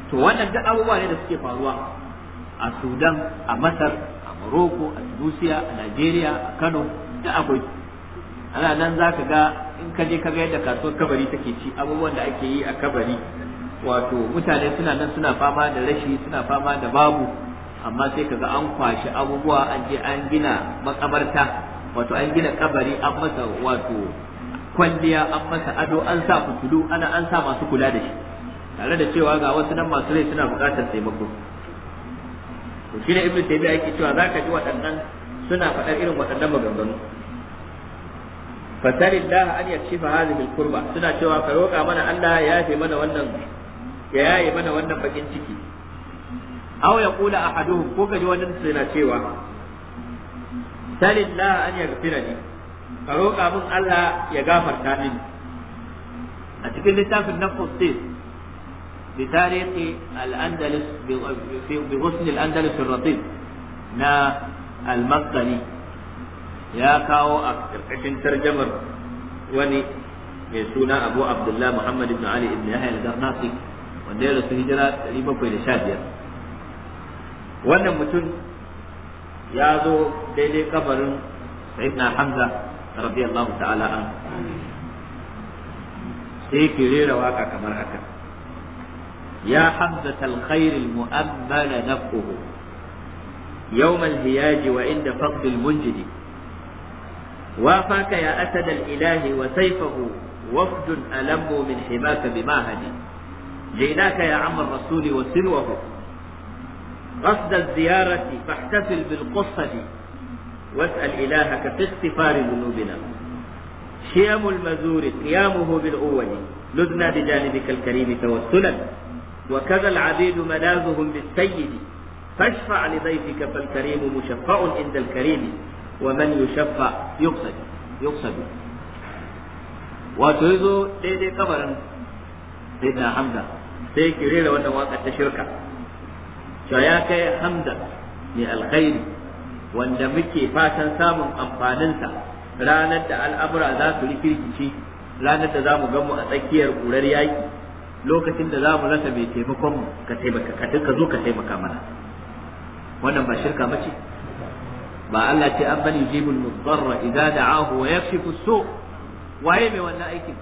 to wannan duk abubuwa ne da suke faruwa a Sudan a Masar a Morocco a Tunisia a Nigeria a Kano da akwai ana nan zaka ga in ka je ka ga yadda kasuwar kabari take ci abubuwan da ake yi a kabari wato mutane suna nan suna fama da rashi suna fama da babu amma sai kaga an kwashi abubuwa an je an gina makabarta wato an gina kabari an masa wato kwalliya an masa ado an sa fitulu ana an sa masu kula da shi tare da cewa ga wasu nan masu rai suna buƙatar taimako to shi ne ibn taymiya yake cewa zaka ji waɗannan suna faɗar irin waɗannan maganganu fasari Allah an yakshifa hadhihi al-kurba suna cewa ka roƙa mana Allah ya yafe mana wannan ya yaye mana wannan bakin ciki aw kula ahaduhum ko kaji wannan sai na cewa salillah an yaghfira li ka roƙa min Allah ya gafarta mini a cikin littafin nafsul sis بتاريخ الأندلس بغصن الأندلس الرطيب tarjamar wani يا suna أكتشن ترجمة وني يسونا أبو عبد الله محمد بن علي بن يحيى القرناطي wanda ya rasu hijira 715 wannan mutum ya zo daidai kabarin sayyidina hamza radiyallahu ta'ala an sai ki rera waka kamar haka ya hamza alkhair almu'ammal nafquhu يوم الهياج وعند فقد المنجد وافاك يا أسد الإله وسيفه وفد ألم من حماك بمعهد جئناك يا عم الرسول وسلوه قصد الزيارة فاحتفل بالقصة دي واسأل إلهك في اغتفار ذنوبنا شيم المزور قيامه بالأول لذنا بجانبك الكريم توسلا وكذا العبيد ملاذهم للسيد فاشفع لضيفك فالكريم مشفع عند الكريم ومن يشفع يقصد يقصد وتوزو تيدي قبرا سيدنا حمزة da hamza sai ki to ya kai hamda mai alkhairi wanda muke fatan samun amfaninsa ranar da al'amura za su rikirkici ranar da za mu gan mu a tsakiyar ƙurar yaƙi lokacin da za mu rasa mai taimakon mu ka taimaka ka duka zo ka taimaka mana wannan ba shirka mace ba Allah ce an bani jibul mudarra idza da'ahu wa yakshifu su waye mai wannan aikin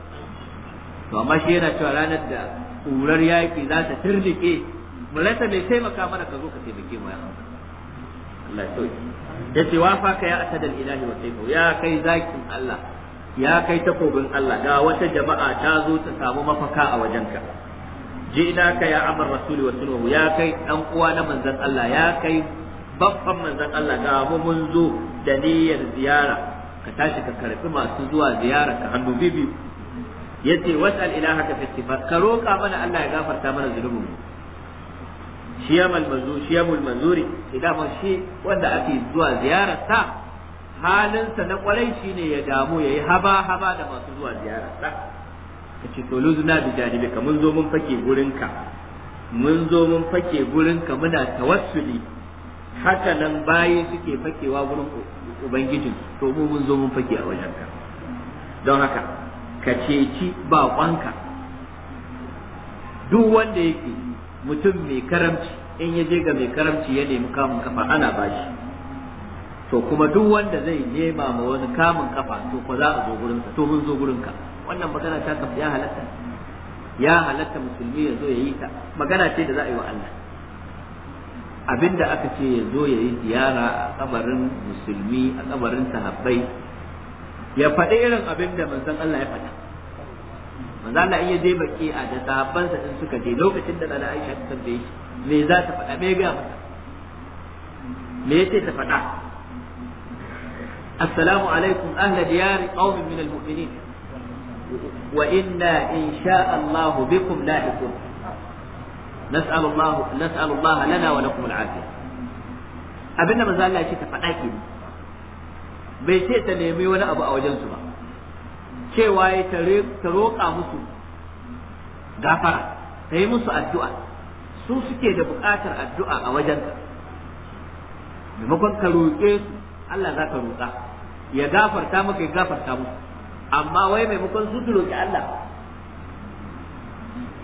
to amma shi yana cewa ranar da ƙurar yaƙi za ta tirlike mulata mai taimaka mana ka zo ka taimake mu ya Allah ya ya ce wafa ka ya asadal ilahi wa sayfu ya kai zakin Allah ya kai takobin Allah ga wata jama'a ta zo ta samu mafaka a wajenka jina ka ya amar rasuli wa sunuhu ya kai dan uwa na manzon Allah ya kai babban manzon Allah ga mu mun zo da niyyar ziyara ka tashi ka karfi masu zuwa ziyara ka hannu bibi yace wasal ilaha ka fi ka roka mana Allah ya gafarta mana mu. shiyamul manzuri shiyamul eh, manzuri idan ma shi wanda ake zuwa ziyarar sa halinsa na kwarai shine ya damu yayi haba haba da masu zuwa ziyarar sa kace to luzna bi ka mun zo mun fake gurinka mun zo mun fake gurinka muna tawassuli haka nan bayi suke fakewa gurin ubangijin to mu mun zo mun fake a wajenka don haka ka ceci baƙonka duk wanda yake mutum mai karamci in ya je ga mai karamci ya nemi kamun kafa ana bashi to kuma duk wanda zai nema ma wani kamun kafa to ko za a zo gurin sa to mun zo gurin ka wannan magana ta kafa ya halatta ya halatta musulmi ya zo ya yi ta magana ce da za a yi wa Allah abinda aka ce ya zo ya yi ziyara a kabarin musulmi a kabarin sahabbai ya faɗi irin abin da manzon Allah ya faɗa manzo Allah in ya je baki a da sahabbansa din suka je lokacin da Nana Aisha ta tambaye shi me za ta faɗa me ga mata me yace ta faɗa assalamu alaikum ahla diyari qaumin min almu'minin wa inna insha Allah bikum lahiqun nas'al Allah nas'al Allah lana wa lakum al'afiyah abinda manzo Allah ya ce ta faɗa ke bai ce ta nemi wani abu a wajen su ba cewa ya ta roƙa musu gafara ta yi musu addu'a su suke da buƙatar addu'a a wajenka maimakon ka roƙe su Allah za ka roƙa ya gafarta maka ya gafarta musu amma wai maimakon su su roƙi Allah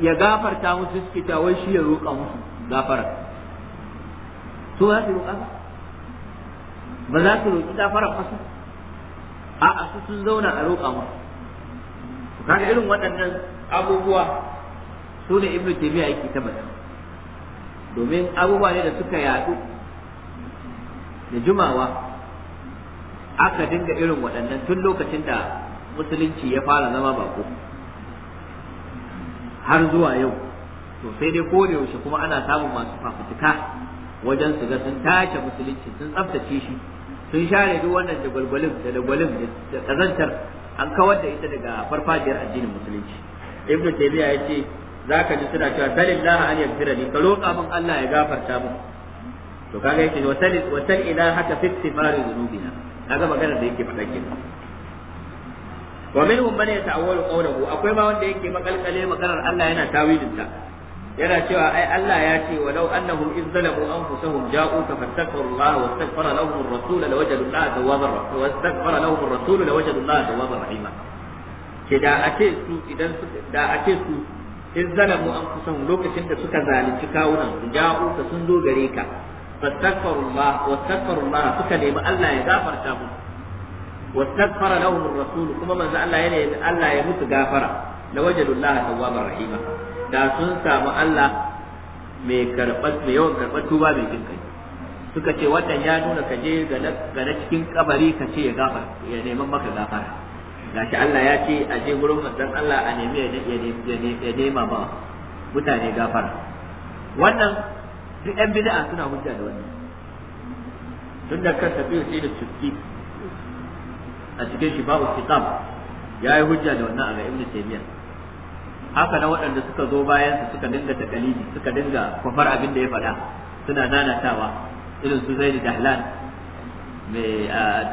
ya gafarta musu suke ta wai shi ya roƙa musu gafara su za su roƙa ba za su roƙi gafara fasu a'a su sun zauna a roƙa musu kaga irin waɗannan abubuwa su ne ibnu taymiya yake ta domin abubuwa ne da suka yadu da jimawa aka dinga irin waɗannan tun lokacin da musulunci ya fara zama bako har zuwa yau to sai dai ko yaushe kuma ana samun masu fafutuka wajen su ga sun tace musulunci sun tsaftace shi sun share duk wannan dagwalgwalin da dagwalin da kazantar an kawar da ita daga farfajiyar addinin musulunci ibnu taymiya yace zaka ji suna cewa salillahi an yaghfira ni, ka roƙa min Allah ya gafarta mu to kaga yake wa sal wa sal fi istighfari dhunubina kaga magana da yake fada kenan wa minhum man yata'awwalu qawluhu akwai ma wanda yake makalkale maganar Allah yana tawilin ta yana cewa ai Allah ya ce walau annahum iz zalamu anfusahum ja'u ka fastaghfiru Allah wa astaghfara lahum ar-rasul lawajadu Allah tawwabar rahim wa astaghfara lahum ar-rasul lawajadu Allah tawwabar rahim ke da a ce su idan da a ce su iz zalamu anfusahum lokacin da suka zalunci kawunan su ja'u ka sun zo gare ka fastaghfiru Allah wa astaghfara Allah suka nemi Allah ya gafarta musu واستغفر لهم الرسول كما من الله الله يموت غافرا لوجدوا الله توابا رحيما da sun samu Allah mai karɓar mai yawan karɓar tuba mai jin kai suka ce wannan ya nuna ka je ga na cikin kabari ka ce ya gafar ya neman maka gafara gashi Allah ya ce a je gurin manzon Allah a nemi ya nema ba mutane gafara wannan duk yan bid'a suna hujja da wannan tun da kan tafiya sai da tukki a cikin shi babu kitab ya yi hujja da wannan a ga ibnu taymiyyah haka na waɗanda suka zo bayan su suka dinga takalidi suka dinga kwafar abin da ya faɗa suna nanatawa irin su da dahlan mai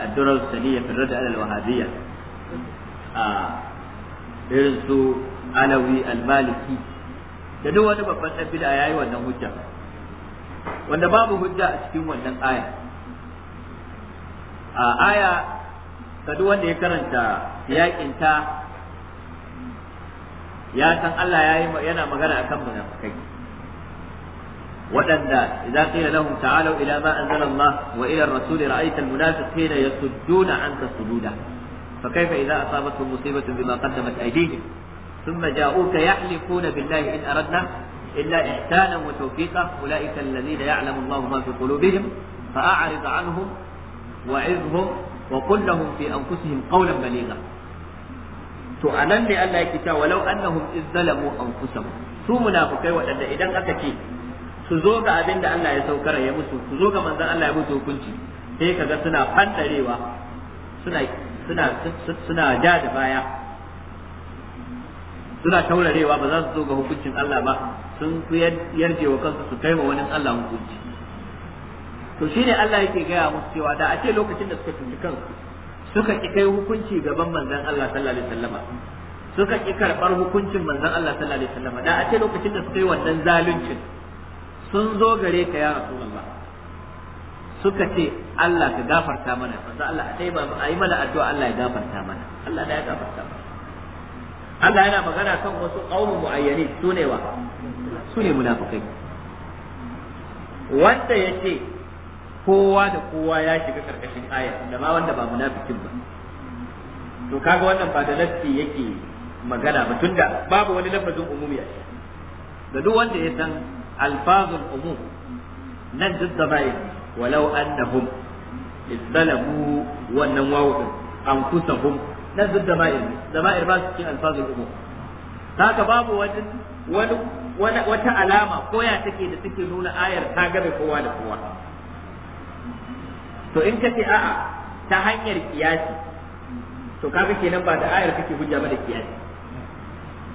addurar saniya firar da alal wahabiyya a irin su alawi almaliki da duk wani babban ɗan bid'a yayi wannan hujja wanda babu hujja a cikin wannan aya a aya ka duk wanda ya karanta yakin ta ya san Allah yi yana magana akan munafikai waɗanda idza qila lahum ta'alu ila ma anzala Allah wa ila ar-rasul ra'aita al-munafiqina yasudduna anka sududa fa kayfa idza asabatuhum musibatu bima qaddamat aydihim thumma ja'uka yahlifuna billahi in aradna illa ihsana wa tawfiqa ulaika alladhina ya'lamu Allah ma fi qulubihim fa'arid anhum wa'izhum وقل لهم في أنفسهم قولا بليغا to anan ne Allah yake cewa walau annahum izzalamu anfusahum su munafikai waɗanda idan aka ce su zo ga abin da Allah ya saukar ya musu su zo ga manzon Allah ya musu hukunci sai kaga suna fandarewa suna suna suna ja da baya suna taurarewa ba za su zo ga hukuncin Allah ba sun fi yarje wa kansu su kai wa wani Allah hukunci to shine Allah yake gaya musu cewa da a ce lokacin da suka tunji kansu suka ki kai hukunci gaban manzon Allah sallallahu alaihi wasallama suka ki karbar hukuncin manzon Allah sallallahu alaihi wasallama da a ce lokacin da suka yi wannan zaluncin sun zo gare ka ya rasulullah suka ce Allah ka gafarta mana manzon Allah a taiba a yi mana addu'a Allah ya gafarta mana Allah da ya gafarta mana Allah yana magana kan wasu qaumu muayyani sune wa sune munafikai wanda yace kowa da kowa ya shiga karkashin aya da ma wanda ba munafikin ba to kaga wannan ba da lafi yake magana ba tunda babu wani lafazin umumi a da duk wanda ya san alfazul umum nan duk da bai walau annahum izdalabu wannan wawu anfusahum nan duk da bai da bai ba su cikin alfazul umum haka babu wani wani wata alama koya take da take nuna ayar ta gabe kowa da kowa to in ka ce a'a ta hanyar kiyasi to kaga kenan ba da ayar kake hujja ba da kiyasi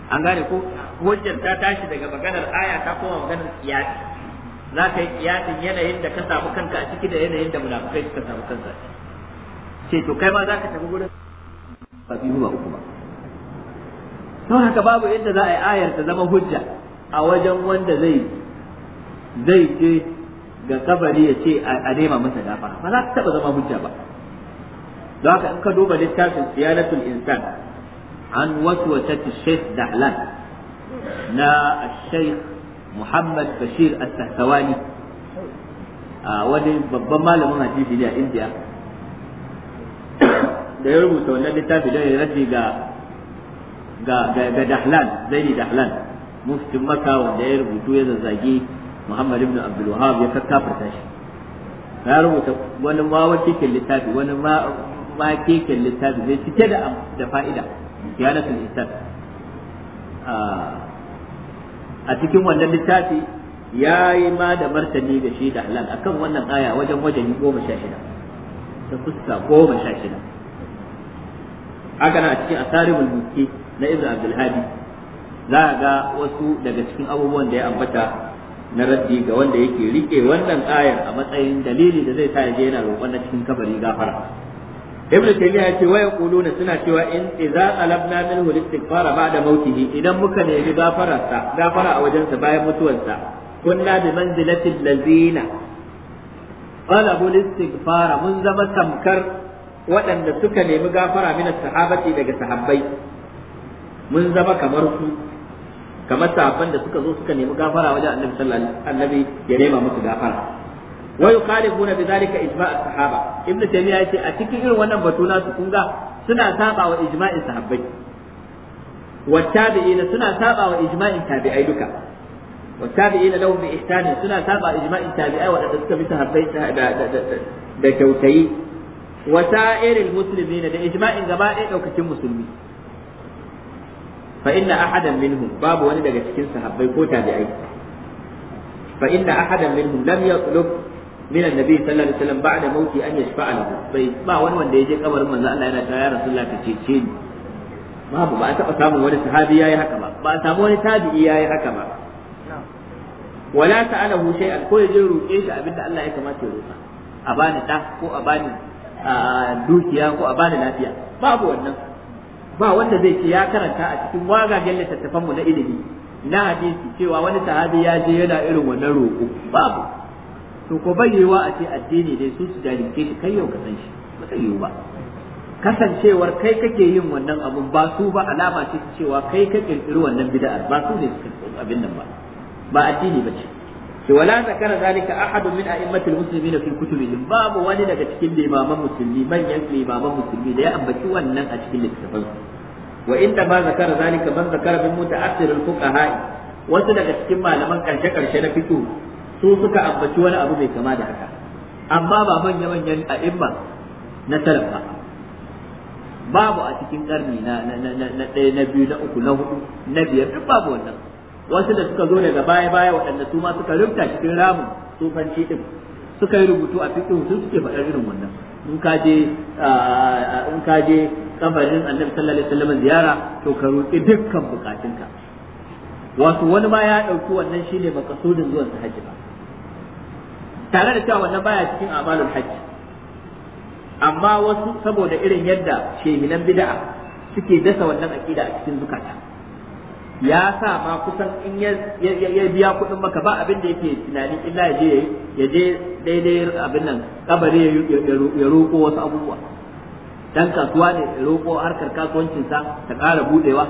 an gane ko hujjar ta tashi daga maganar aya ta koma maganar kiyasi za ka yi kiyasin yanayin da ka samu kanka a ciki da yanayin da munafukai suka samu kanka ce to kai ma za ka tafi gurin ba biyu ba uku ba don haka babu yadda za a yi ayar ta zama hujja a wajen wanda zai zai je ga kabari ya ce a nema masa gafara ba za ta taba zama hujja ba don haka in ka duba littafin siyanatul insan an wasu waswasat shaykh dahlan na shaykh muhammad bashir as-sahtawani wani babban malamin hadisi ne a indiya (coughs) da ya rubuta wannan littafi da ya raji ga ga ga dahlan zaini dahlan muftin makawa wanda ya rubutu ya zazzage Muhammad ibn Abdul ya kakkafarta shi ya rubuta wani ma littafi wani ma littafi zai cike da da fa'ida diyanatul islam a cikin wannan littafi ya yi ma da martani da shi da halal akan wannan aya wajen wajen goma sha shida ta fuska goma sha shida haka na a cikin asarimul buki na ibn abdulhadi za a ga wasu daga cikin abubuwan da ya ambata na raddi ga wanda yake rike wannan ayar a matsayin dalili da zai sa ya je yana roƙon na cikin kabari gafara ibnu taymiya yace wa yaquluna suna cewa in idza alabna minhu al-istighfara ba'da mautihi idan muka nemi gafararsa gafara a wajensa bayan mutuwarsa kunna bi manzilati allazina talabu al-istighfara mun zama tamkar waɗanda suka nemi gafara min sahabati daga sahabbai mun zama kamar su kamar sahabban da suka zo suka nemi gafara wajen annabi sallallahu alaihi annabi ya nema musu gafara wa yukhalifuna bidhalika ijma' as-sahaba ibnu taymiya yace a cikin irin wannan batu na su kunga suna saba wa ijma'in sahabbai wa tabi'ina suna saba wa ijma'in tabi'ai duka wa tabi'ina lahum bi ihsan suna saba ijma'in tabi'ai wadanda suka bi sahabbai da kyautayi wa sa'iril muslimin da ijma'in gaba ɗaya daukakin musulmi fa inna ahadan minhum babu wani daga cikin sahabbai ko tabi'ai fa inna ahadan minhum lam yatlub min annabi sallallahu alaihi wasallam ba'da mauti an yashfa'a lahu bai ba wani wanda yaje kabarin manzo Allah yana ta ya rasulullah ka cece ni babu ba a taba samun wani sahabi yayi haka ba ba a samu wani tabi'i yayi haka ba wala ta'alahu shay'an ko yaje roƙe shi abinda Allah ya kamata ya a bani da ko a bani dukiya ko a bani lafiya babu wannan ba wanda zai ce ya karanta a cikin wagagen littattafan mu na ilimi na hadisi cewa wani sahabi ya je yana irin wannan roƙo babu to ko bayyewa a ce addini dai su su jarinke shi kai yau ka san shi ba zai yiwu ba kasancewar kai kake yin wannan abun ba su ba alama ce cewa kai ka kirkiri wannan bid'ar ba su ne suka abin nan ba ba addini ba ce ولا ذكر ذلك أحد من أئمة المسلمين babu wani daga cikin limaman لإمام manyan limaman Musulmi da ya ambaci wannan a cikin littafansu wa inda ma zakara zalika man zakara min muta'assir al-fuqaha wasu daga cikin malaman karshe karshe na fiqh su suka ambaci wani abu mai kama da haka amma ba manya manyan a'imma na ba. babu a cikin karni na na ɗaya na biyu na uku na hudu na biyar duk babu wannan wasu da suka zo daga baya baya waɗanda su ma suka rubuta cikin ramun tsofanci din suka yi rubutu a fito su suke faɗar irin wannan in in ka je kabarin annabi sallallahu alaihi wasallam ziyara to ka roki dukkan bukatunka wato wani ma ya dauki wannan shine makasudin zuwan sa hajji ba tare da cewa wannan baya cikin amalul hajji amma wasu saboda irin yadda shehinan bid'a suke dasa wannan akida a cikin zukata ya sa ma kusan in ya biya kuɗin maka ba abin da yake tunani illa ya je ya daidai abin nan kabari ya roƙo wasu abubuwa dan kasuwa ne roƙo harkar kasuwancinsa ta ƙara buɗewa,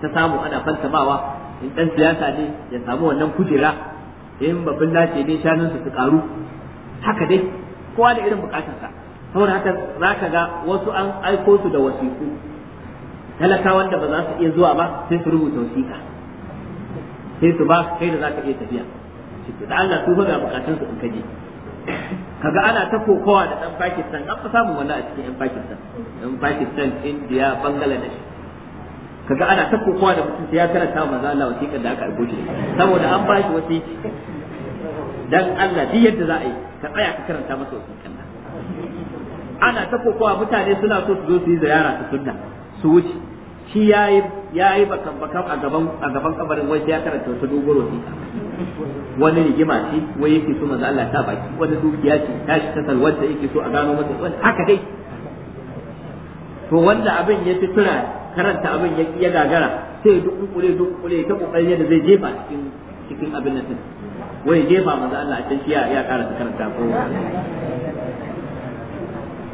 ta samu ana fantamawa in ɗan siyasa ne ya samu wannan kujera in babban lace ne shanunsa su ƙaru haka dai kowa da irin bukatarsa saboda haka za ka ga wasu an aiko su da wasiƙu talakawan da ba za su iya zuwa ba sai su rubuta wasiƙa sai su ba kai da za ka iya tafiya da Allah su ga bukatun su in kaje kaga ana ta kokowa da dan Pakistan an fa samun wannan a cikin yan Pakistan yan Pakistan India Bangladesh kaga ana ta kokowa da mutum ya karanta manzo Allah wasiƙa da aka rubuta saboda an ba shi wasiƙa dan Allah duk yadda za a yi ka tsaya ka karanta masa wasiƙan nan ana ta kokowa mutane suna so su zo su yi ziyara su sunna su wuce shi yayi yayi bakan bakan a gaban a gaban kabarin wai ya karanta wasu dogon wasiƙa wani rigima ce wai yake so manzo Allah ta baki wani dukiya ce ta tashi ta salwata yake so a gano masa wani haka dai to wanda abin ya fitura karanta abin ya gagara sai duk kule duk kule ta kokarin yadda zai jefa cikin cikin abin nan wai jefa manzo Allah a can shi ya karanta karanta ko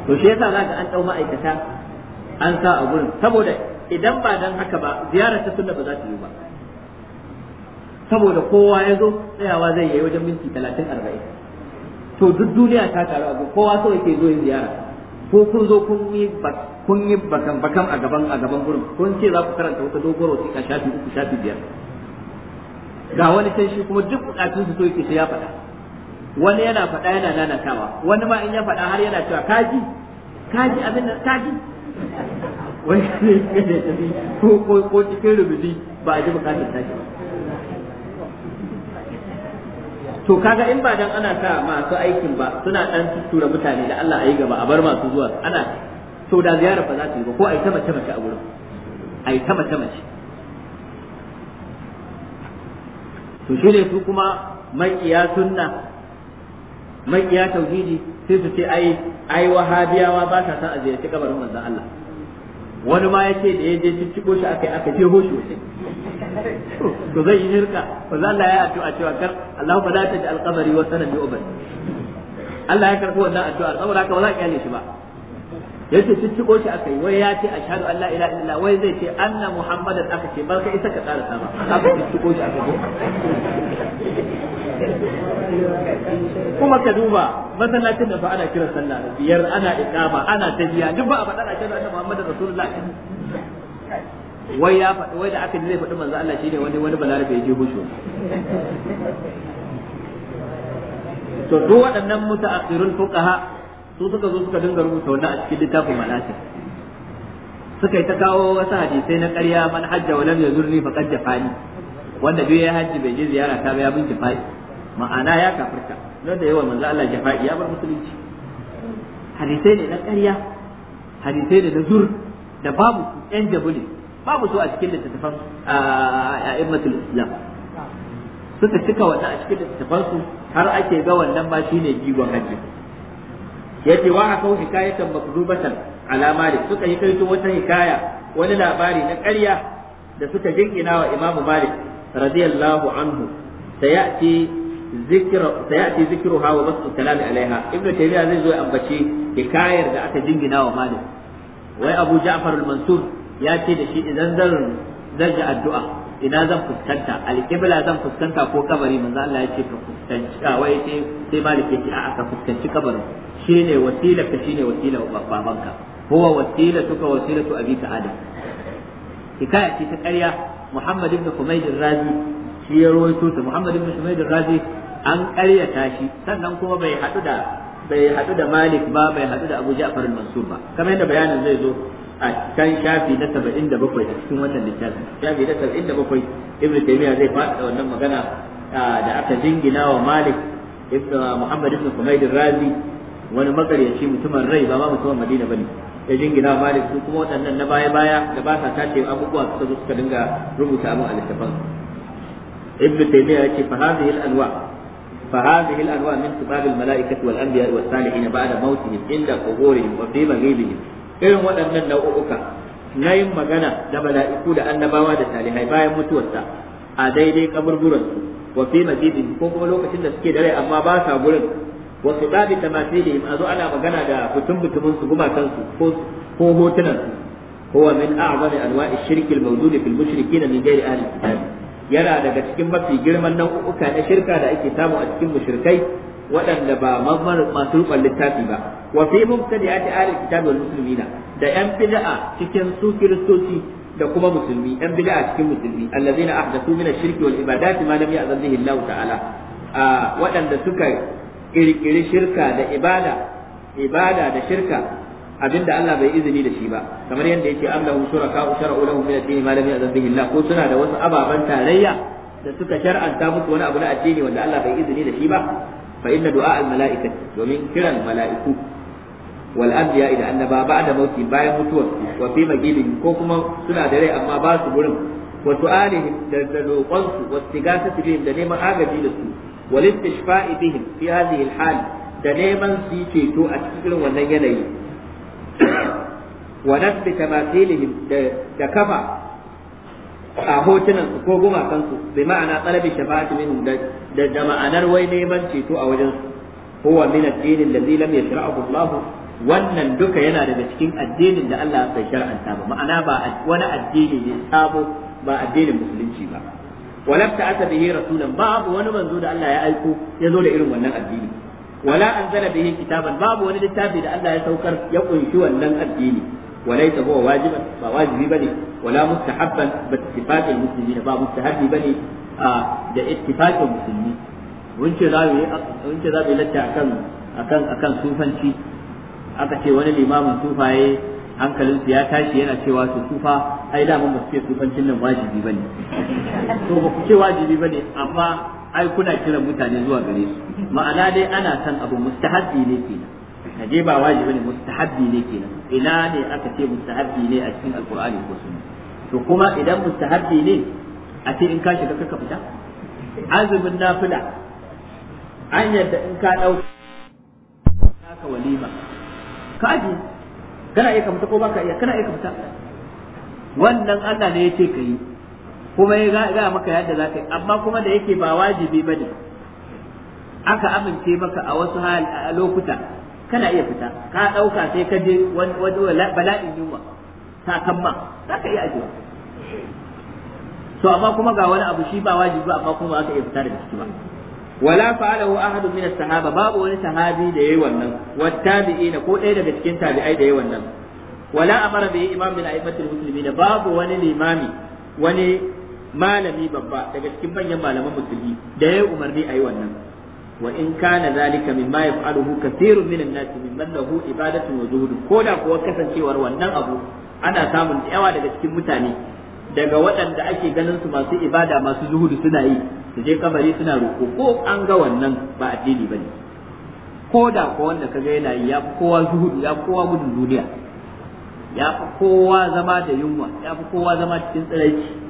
to shi yasa zaka an dau ma'aikata an sa a gurin saboda idan ba dan haka ba ziyarar ta sunna ba za ta yi ba saboda kowa ya zo tsayawa zai yi wajen minti talatin arba'in to duk duniya ta taru abu kowa so yake zo yin ziyara ko kun zo kun yi kun yi bakan bakan a gaban a gaban gurin kun ce za ku karanta wata dogoro sai ka shafi uku shafi biyar ga wani can shi kuma duk bukatun su so yake sai ya faɗa wani yana faɗa yana nanatawa wani ma in ya faɗa har yana cewa kaji kaji abin nan kaji wani ne ko ko cikin rubuci ba a ji bukatar tashi ba to kaga in ba dan ana sa masu aikin ba suna dan tura mutane da Allah ayi gaba a bar masu zuwa ana to da ziyara ba za ta yi ba ko ai ta mace mace a wurin ai ta mace mace to shi ne su kuma makiya sunna makiya tauhidi sai su ce ai ai wahabiyawa ba ta san a ziyarci kabarin manzon Allah wani ma yace da yaje cicciko shi akai aka jeho shi to zai yi shirka ba za Allah ya yi a cewa kar Allah ba za ta ji alƙabari wa sanan bi ubad Allah ya karɓi wannan addu'a saboda haka ba za a kyale shi ba yace cicciko shi akai wai ya ce ashhadu an la ilaha illallah wai zai ce anna muhammadan aka ce barka isa ka tsara sama aka cicciko shi aka kuma ka duba masallacin da fa ana kiran sallah biyar ana iqama ana tajiya duk ba a faɗa ashhadu anna muhammadan rasulullah wai ya faɗi wai da aka ji zai faɗi manzo Allah shine wani wani balarabe ya je hushu to duk waɗannan mutaakhirun fuqaha su suka zo suka dinga rubuta wannan a cikin littafin manasik suka yi ta kawo wasu hadisai na ƙarya man hajja wa lam yazurni qad jafani wanda duk ya hajji bai je ziyara ta ba ya bin jafai ma'ana ya kafirta don da yawa manzo Allah jafai ya bar musulunci hadisai ne na ƙarya hadisai ne na zur da babu ƴan jabulin babu su a cikin littattafan a'immatul islam suka cika wannan a cikin littattafan su har ake ga wannan ba shine jigon hajji yace wa akau hikayatan makdubatan ala malik suka yi kaito wata hikaya wani labari na ƙarya da suka jingina wa imamu malik radiyallahu anhu sayati zikra sayati zikruha wa basu kalami alaiha ibnu taymiya zai zo ya ambaci hikayar da aka jingina wa malik wai abu ja'far al-mansur ya ce da shi idan zan zarja addu'a ina zan fuskanta alƙibla zan fuskanta ko kabari manzo Allah ya ce ka fuskanci a wai sai sai malik ya ce a'a ka fuskanci kabarin shine wasila ka shine wasila babanka huwa wasila tuka wasilatu abika adam hikaya ce ta ƙarya Muhammad ibn Humayd razi shi ya rawaito ta Muhammad ibn Humayd razi an ƙaryata shi sannan kuma bai haɗu da bai haɗu da Malik ba bai haɗu da Abu Ja'far al-Mansur ba kamar yadda bayanin zai zo a can shafi na saba'in da bakwai a cikin wannan littafi shafi na saba'in da bakwai ibn taymiya zai faɗa wannan magana da aka jingina wa malik ibn muhammad ibn humayd razi wani makaryaci mutumin rai ba ma mutumin madina bane ya jingina wa malik su kuma waɗannan na baya baya da ba sa tace abubuwa suka zo suka dinga rubuta abin a littafin ibnu taymiya yace fa hadhihi al anwa fa hadhihi al anwa min sibab al malaikati wal anbiya was salihin ba'da mautihim inda quburihim wa fi maghibihim irin waɗannan nau'uka na yin magana da mala'iku da annabawa da salihai bayan mutuwarsa a daidai kaburburansu wa fi ko kuma lokacin da suke da rai amma ba sa gurin wa su ɗabi tamasilihim a zo ana magana da butun butumin su gumakansu ko hotunan su huwa min a'zami anwa'i shirki al-mawjud fil mushrikin min ghairi ahli kitab yana daga cikin mafi girman nau'uka na shirka da ake samu a cikin mushrikai waɗanda ba masu rufar littafi ba wa fi mubtadi'ati ahli kitabi wal muslimina da yan bid'a cikin su kiristoci da kuma musulmi yan bid'a cikin musulmi allazina ahdathu min ash-shirki wal ibadati ma lam ya'zan Allah ta'ala waɗanda suka kirkiri shirka da ibada ibada da shirka abinda Allah bai izini da shi ba kamar yadda yake am lahum shuraka shara'u lahum min ad-din ma lam ya'zan bihi Allah ko suna da wasu ababan tarayya da suka shar'anta musu wani abu na addini wanda Allah bai izini da shi ba fa inna du'a al-mala'ikati domin kiran mala'iku wal anbiya ila annaba ba'da mauti bayan mutuwar wa fi magibin ko kuma suna da rai amma ba su gurin wa su'alihim da da roƙonsu wa istighasati bihim da neman agaji da su wal istishfa'i bihim fi hadhihi al-hal da neman su ceto a cikin wannan yanayi wa nasbi tamathilihim da kafa a hotunan ko gumakansu, su bi ma'ana talabi shafa'ati minhum da da ma'anar wai neman ceto a wajen su huwa min ad-din lam yashra'ahu Allah wannan duka yana daga cikin addinin da Allah bai shar'anta ba ma'ana ba wani addini ne sabo ba addinin musulunci ba walabta asa bihi rasulan babu wani manzo da Allah ya aiko ya zo da irin wannan addini wala anzala bihi kitaban babu wani littafi da Allah ya saukar ya kunshi wannan addini وليس هو واجبا فواجب بني ولا مستحبا باتفاق المسلمين ba mustahabbi bane da ittifaqin musulmi mun ce za mu mun ce za mu latta akan sufanci aka ce wani limamin sufaye hankalin ya tashi yana cewa su sufa ai da mun ba su ce sufancin nan wajibi bane (laughs) to ba ku ce wajibi bane amma ai kuna kiran mutane zuwa gare su ma'ana dai ana san abu mustahabbi ne kenan Na je ba wajibi ne mustahabbi ne kenan ina ne aka ce mustahabbi ne a cikin alqur'ani ko sunna to kuma idan mustahabbi ne a ce in ka shiga kaka fita azumin nafila an yadda in ka dauka naka walima ka aje kana iya ka fita ko baka iya kana iya ka fita wannan Allah ne ya ce ka yi kuma ya ga maka yadda za ka yi amma kuma da yake ba wajibi ba ne aka amince maka a wasu a lokuta kana iya fita ka ɗauka sai ka je wani bala'in yunwa takamma za ka iya ajiyar? So amma kuma ga wani abu shi ba wajibi amma kuma aka iya fita daga ciki ba wala fa'alahu ahadun min as-sahaba babu wani sahabi da yayi wannan wattabi'ina ko ɗaya daga cikin tabi'ai da yayi wannan wala amara bi imam min a'immatil muslimin babu wani limami wani malami babba daga cikin manyan malaman musulmi da yayi umarni yi wannan wa in kana zalika mimma yaf'aluhu kathirun minan nas min lahu ibadatu wa zuhud da kuwa kasancewar wannan abu ana samun yawa daga cikin mutane daga waɗanda ake ganin su masu ibada masu zuhudu suna yi su je kabari suna roko ko an ga wannan ba addini bane ko da ko wanda kaga yana yi ya fi kowa zuhudu ya fi kowa gudun duniya ya fi kowa zama da yunwa ya fi kowa zama cikin tsiraici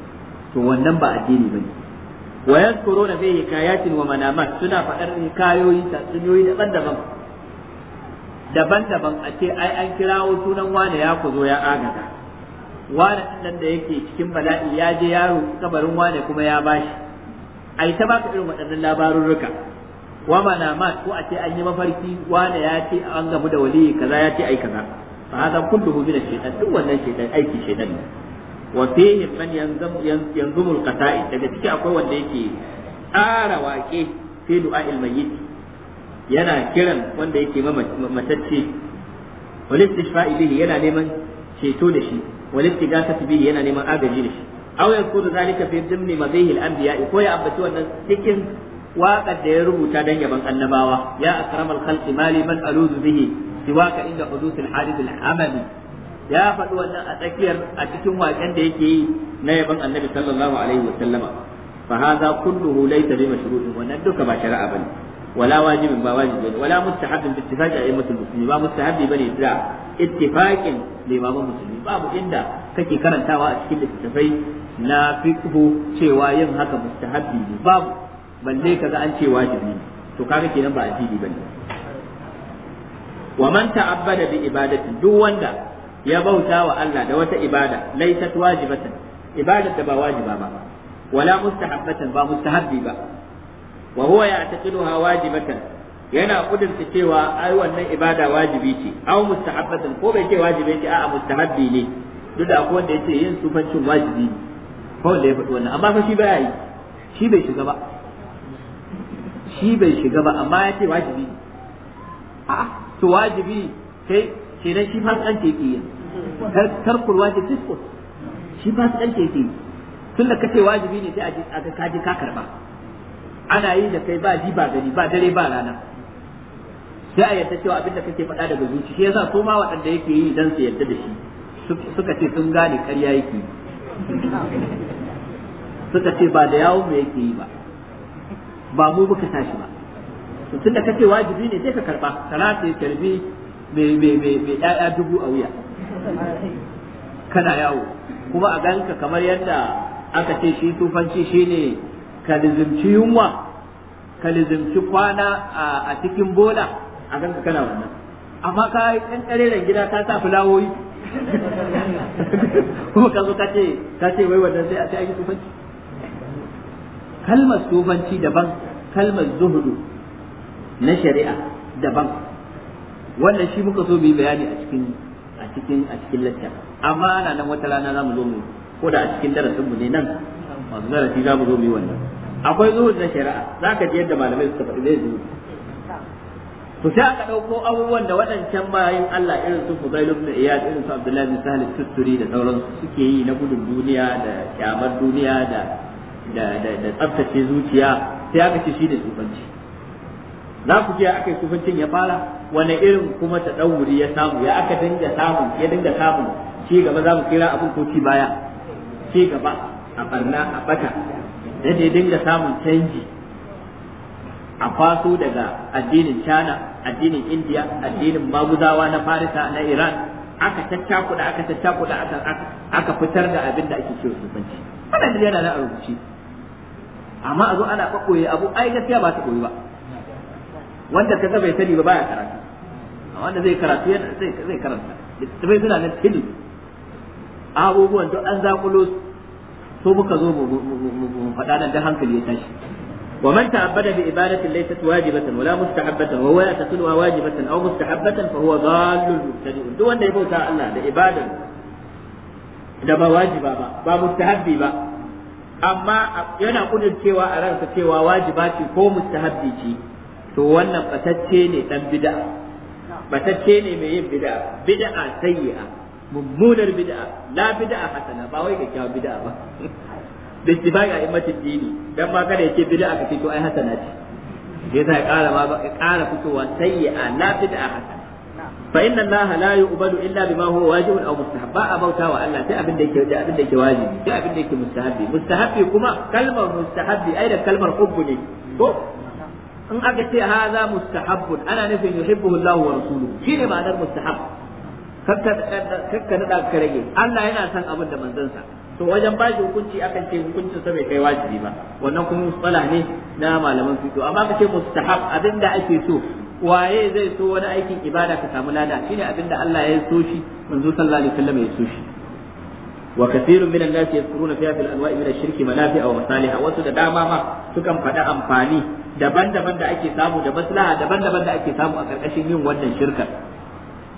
to wannan ba addini bane wa yadhkuruna fi hikayatin wa manamat suna faɗar hikayoyi tatsuniyoyi daban-daban daban-daban a ce ai an kirawo sunan wane ya ku zo ya agaza wane nan da yake cikin bala'i ya je yaro kabarin wane kuma ya bashi ai ta baka irin waɗannan labarurruka wa manamat ko a ce an yi mafarki wane ya ce an gamu da wali kaza ya ce ai kaza fa hadan kulluhu min ash-shaytan duk wannan shaytan aiki shaytan ne wa fihim man yanzumu alqata'i daga ciki akwai wanda yake tsara waƙe fi du'a'il mayyit yana kiran wanda yake matacce wal istishfa'i bihi yana neman ceto da shi wal istighasati bihi yana neman agaji da shi aw yakunu zalika fi dhimni madhihi al-anbiya ko ya ambaci wannan cikin waƙar da ya rubuta dan yaban annabawa ya akramal khalqi mali man aluzu bihi siwaka inda hudusil hadith al-amali ya faɗi wannan a tsakiyar a cikin waƙen da yake yi na yaban annabi sallallahu alaihi wa sallama fa hadha kulluhu laysa bi mashru'in wannan duka ba shari'a bane wala wajibin ba wajibi bane wala mustahabbin bi ittifaqi a'immatul muslimin ba mustahabbi bane da ittifaqin limamin musulmi babu inda kake karantawa a cikin littattafai na fiqhu cewa yin haka mustahabbi ne babu balle kaga an ce wajibi to kaga kenan ba addini bane wa man ta'abbada bi ibadati duk wanda ya bauta wa Allah da wata ibada laysat wajibatan ibadar da ba wajiba ba wala mustahabbatan ba mustahabbi ba wa huwa ya'taqiduha wajibatan yana kudurta cewa ai wannan ibada wajibi ce aw mustahabbatan ko bai ce wajibi ce a'a mustahabbi ne duk da akwai wanda yace yin fancin wajibi ne ko da ya faɗi wannan amma fa shi baya yi shi bai shiga ba shi bai shiga ba amma ya ce wajibi ne a'a to wajibi sai kenan shi fasikanci yake yi. tarkul wajib fiskun shi ba su ɗanke yake tun da kace wajibi ne sai a ga kaji ka karba ana yi da kai ba ji ba gani ba dare ba rana sai a yarda cewa abin da kake faɗa daga zuci shi yasa su ma waɗanda yake yi dan su yarda da shi suka ce sun gane ƙarya yake suka ce ba da yawon mai yake yi ba ba mu muka tashi ba tun da kace wajibi ne sai ka karba salatu ya karbi mai mai mai mai dubu a wuya kana yawo kuma a ganka kamar yadda aka ce shi tufanci shine ka lizimci yunwa ka lizimci kwana a cikin bola a ganka kana wannan amma ka yi ɗan ƙarerar gida ka sa fulawoyi (laughs) kuma ka zo ka ce ka ce wai wannan sai a ce an yi tufanci kalmar tufanci daban kalmar zuhudu na shari'a daban wannan shi muka so bi bayani a cikin cikin a cikin lacca amma ana nan wata rana za mu zo mu ko da a cikin darasin mu ne nan masu darasi za mu zo mu yi wannan akwai zuwa na shari'a za ka ji yadda malamai suka faɗi zai zuwa to sai aka ɗauko abubuwan da waɗancan bayan Allah irin su Fudail ibn Iyad irin su Abdullahi bin Sahal Tusturi da sauran suke yi na gudun duniya da kyamar duniya da da da tsaftace zuciya sai aka ce shi da tsufanci za ku ji aka yi tsufancin ya fara wani irin kuma ta ɗauri ya samu ya aka dinga samu ya dinga samu ci gaba za mu kira abin ko ci baya ci gaba a barna a bata da ya dinga samun canji a kwaso daga addinin China addinin India addinin maguzawa na Farisa na Iran aka caccakuɗa aka caccakuɗa aka fitar da abin da ake cewa sufanci wannan yana na a rubuce amma a zo ana kokoye abu ai gaskiya ba ta koyi ba wanda kaga bai sani ba baya karatu a wanda zai karatu yana zai zai karanta littattafai suna nan tili abubuwan to an zakulo to muka zo mu faɗa nan da hankali ya tashi wa man ta'abbada bi ibadatin laysat wajibatan wala mustahabbatan wa huwa yatasilwa wajibatan aw mustahabbatan fa huwa dhallul mubtadi'un duk wanda ya bauta Allah da ibadan da ba wajiba ba ba mustahabbi ba amma yana kudin cewa a ransa cewa wajiba ce ko mustahabbi ce to wannan batacce ne dan bid'a batacce ne mai yin bid'a bid'a sayyi'a mummunar bid'a la bid'a hasana ba wai ga kyakkyawan bid'a ba da (laughs) ittifaqi a immatin dini dan ma kada yake bid'a ka ce to ai hasana ce sai ya kara ma ba kara fitowa sayyi'a la bid'a hasana fa inna allaha la yu'badu illa bima huwa wajibun aw mustahab ba a bauta wa Allah sai abin da yake da abin da yake wajibi sai abin da yake mustahabi mustahabi kuma kalmar mustahabi ai da kalmar hubbu ne to in aka ce haza mustahabbun ana nufin yuhibbuhu Allah wa rasuluhu shine ma'anar mustahab kakka nada ka rage Allah yana son abin da manzansa to wajen ba shi hukunci akan ce hukuncin sa bai kai wajibi ba wannan kuma musala ne na malaman fiqh amma ka ce mustahab da ake so waye zai so wani aikin ibada ka samu lada shine da Allah ya so shi manzo sallallahu alaihi wasallam ya so shi wa kathirun minan nasi yadhkuruna fiha fil anwa'i min ash-shirki manafi'a wa masaliha wasu da dama ma sukan faɗa amfani daban-daban da ake samu da maslaha daban-daban da ake samu a karkashin yin wannan shirka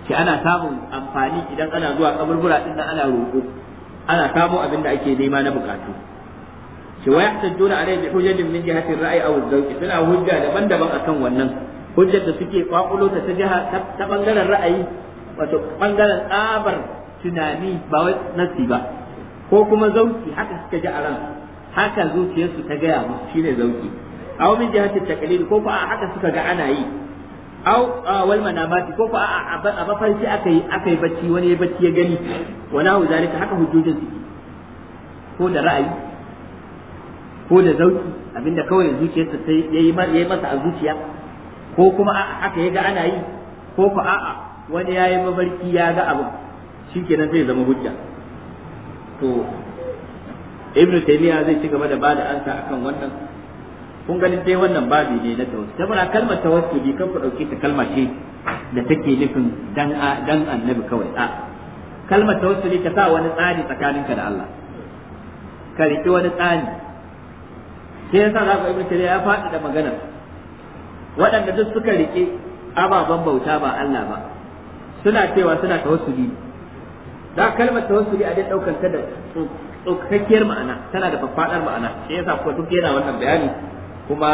ki ana samun amfani idan ana zuwa kaburbura din nan ana roƙo ana kamo abin da ake nema na bukatu shi wa yahtajuna alayhi bi hujjatin min jihati ar-ra'i aw ad-dawqi suna hujja daban-daban akan wannan hujjar da suke kwakulo ta jiha ta bangaren ra'ayi wato bangaren tsabar tunani ba wai nasi ba ko kuma zauki haka suka ji a ran haka zuciyarsu ta gaya musu shine zauki aw min jihati taqlid ko ko haka suka ga ana yi aw wal manamati ko fa a mafarki aka yi bacci wani ya bacci ya gani wa nahu zalika haka hujjojin su ko da ra'ayi ko da zauki abinda kawai zuciyarsa sai yayi masa a zuciya ko kuma a'a haka ya ga ana yi ko fa a'a wani yayi mafarki ya ga abu shikenan zai zama hujja to ibn taymiya zai ci gaba da bada ansa akan wannan kun ganin dai wannan babi ne na tawassuli saboda kalmar bi kan ku dauke ta kalma ce da take nufin dan a dan annabi kawai a kalmar tawassul ka sa wani tsari tsakaninka da Allah ka riki wani tsari sai yasa za ku ibn taymiya ya faɗi da magana waɗanda duk suka rike ababen bauta ba Allah ba suna cewa suna tawassuli da kalmar tawassuli a dai daukar ta da tsokakkiyar ma'ana tana da faffadar ma'ana shi yasa kuma duk yana wannan bayani kuma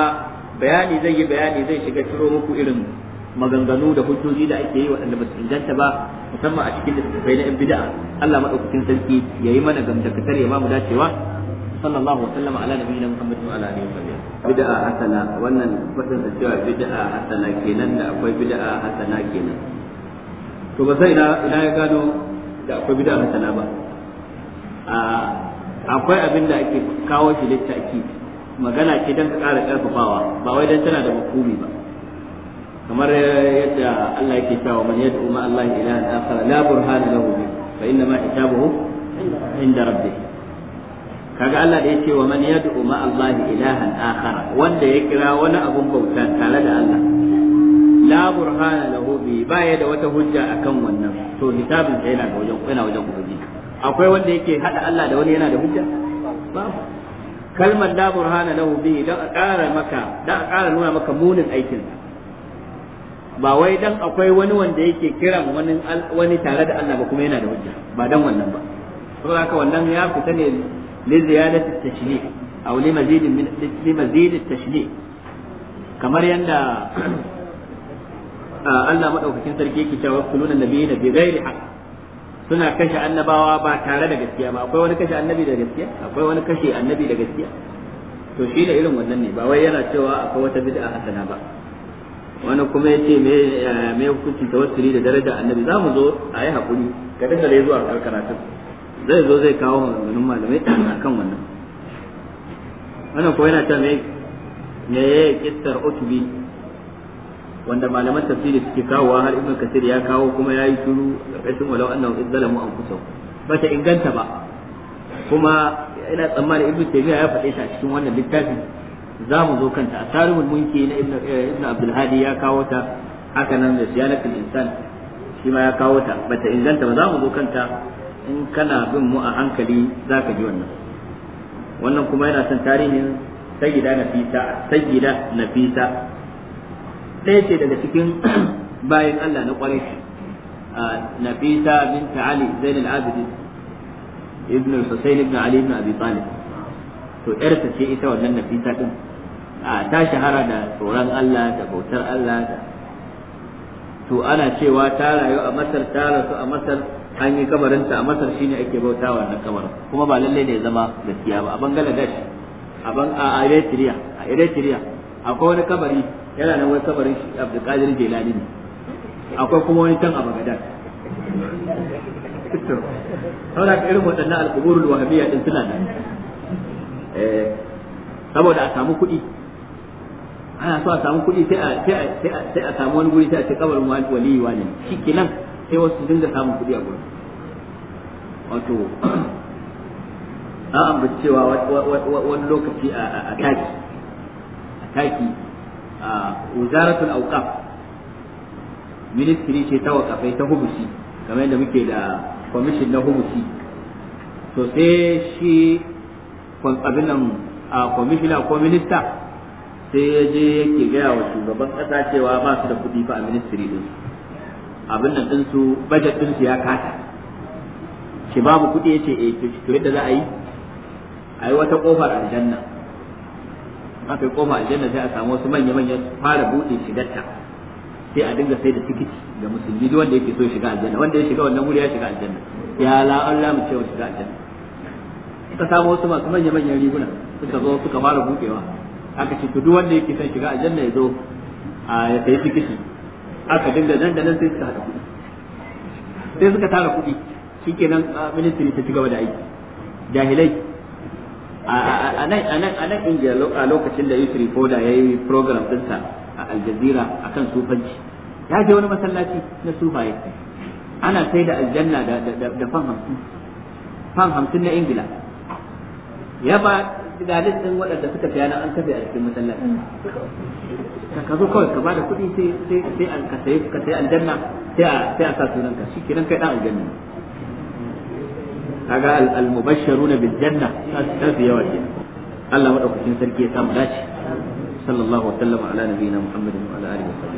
bayani zai yi bayani zai shiga ciro muku irin maganganu da hujjoji da ake yi waɗanda ba su inganta ba musamman a cikin littattafai na 'yan bida'a. Allah madaukakin sarki ya yi mana gamdakatar ya ba mu dacewa sallallahu alaihi wa sallam ala nabiyina Muhammad wa ala alihi wa sallam bid'a hasana wannan fadin da cewa bid'a hasana kenan da akwai bid'a hasana kenan to ba sai ina ina ya gano da akwai bid'a masana ba akwai abin da ake kawo shi littaki magana ce don ka ƙara ƙarfafawa ba wai don tana da makumi ba kamar yadda Allah yake cewa man yad'u ma Allah ilahan akhar la burhana lahu bi fa inna ma hisabuhu inda rabbih kaga Allah da yake wa man yad'u ma Allah ilahan akhara wanda ya kira wani abun bauta tare da Allah la burhana lahu bi ba ya da wata hujja akan wannan to hisabin yana wajen yana akwai wanda yake hada Allah da wani yana da hujja babu kalmar la burhana lahu a ƙara nuna maka munin aikin ba wai dan akwai wani wanda yake kiran wani wani tare da Allah ba kuma yana da hujja ba dan wannan ba saboda haka wannan ya fita ne li ziyadati tashni aw li mazid min li tashni kamar yanda Allah madaukakin sarki yake cewa kuluna nabiyina bi ghairi haqq suna kashe annabawa ba tare da gaskiya ba akwai wani kashe annabi da gaskiya akwai wani kashe annabi da gaskiya to shi ne irin wannan ne ba wai yana cewa akwai wata bid'a hasana ba wani kuma ya ce me hukunci tawassuli da daraja annabi za mu zo a yi haƙuri ka dinga dai zuwa karkaratun zai zo zai kawo maganganun malamai a kan wannan wannan kuma yana ta me me ya yi kistar utubi wanda malaman tafsiri suke kawowa har ibn kasir ya kawo kuma ya yi shiru ƙarƙashin walau annahum izzalamu anfusahum ba ta inganta ba kuma ina tsammanin ibn taymiya ya faɗe shi a cikin wannan littafin za mu zo kanta a tarihul mulki na eh, ibn abdul hadi ya kawo ta haka nan da siyanatul insan shi ma ya kawo ta ba ta inganta ba za mu zo kanta in kana bin mu a hankali za ka ji wannan wannan kuma yana son tarihin sayyida nafisa sayyida nafisa ɗaya ce daga cikin (clears throat) bayan Allah na ƙwarai Nafisa bint Ali Zain al-Abidin ibn al-Husayn ibn Ali ibn Abi Talib to ƴarsa ce ita wannan Nafisa din ta shahara da tsoron Allah da bautar Allah da to ana cewa ta rayu a Masar ta rasu a Masar an yi kamarinta a Masar shine ake bautawa na kamarin kuma ba lalle ne ya zama gaskiya ba a Bangladesh a Eritrea a Eritrea akwai wani kabari yana nan wani kabarin shi abdulkadir jelani ne akwai kuma wani can a bagadan da irin waɗannan alƙuburul wahabiyya din suna nan eh, saboda a samu kuɗi ana so a samu kuɗi sai a samu wani guri sai a ce kabarin waliyi wani shi nan sai wasu dinga samun kuɗi a gurin wato an ambaci cewa wani lokaci a taki a taki wuzaratul auqaf ministry ce ta wakafai ta hubusi kamar yadda muke da commission na hubusi to sai shi abin nan a commissioner ko minista sai ya je yake gaya wa shugaban kasa cewa ba su da kuɗi fa a ministry din abin nan din su budget din su ya kata shi babu kuɗi yace eh to yadda za a yi a yi wata kofar aljanna aka yi kofa aljanna sai a samu wasu manya-manyan fara buɗe shigarta sai a dinga sai da tikiti ga musulmi duk wanda yake so shiga aljanna wanda ya shiga wannan wuri ya shiga aljanna ya la Allah mu ce shiga aljanna suka samu wasu masu manya-manyan riguna suka zo suka fara buɗewa aka ce duk wanda yake son shiga aljanna ya zo a ya sayi tikiti aka dinga nan da nan sai suka haɗa kuɗi sai suka tara kuɗi shikenan ministry ta ci gaba da aiki jahilai a nan a a indiya a lokacin da yusri koda ya yi program dinsa a aljazira a kan sufanci ya je wani masallaci na sufaye ana sai da aljanna da fan hamsin fan hamsin na ingila ya ba dalil ɗin waɗanda suka fiya na an kafe a cikin masallaci ka zo kawai ka bada kuɗi sai ka sai aljanna sai a sai shi sa sunanka kai dan aljanna kaga al-mubashsharuna bil janna ta fi yawa ke Allah madaukakin sarki ya samu dace sallallahu alaihi wa sallam ala nabiyina muhammadin wa ala alihi wa sallam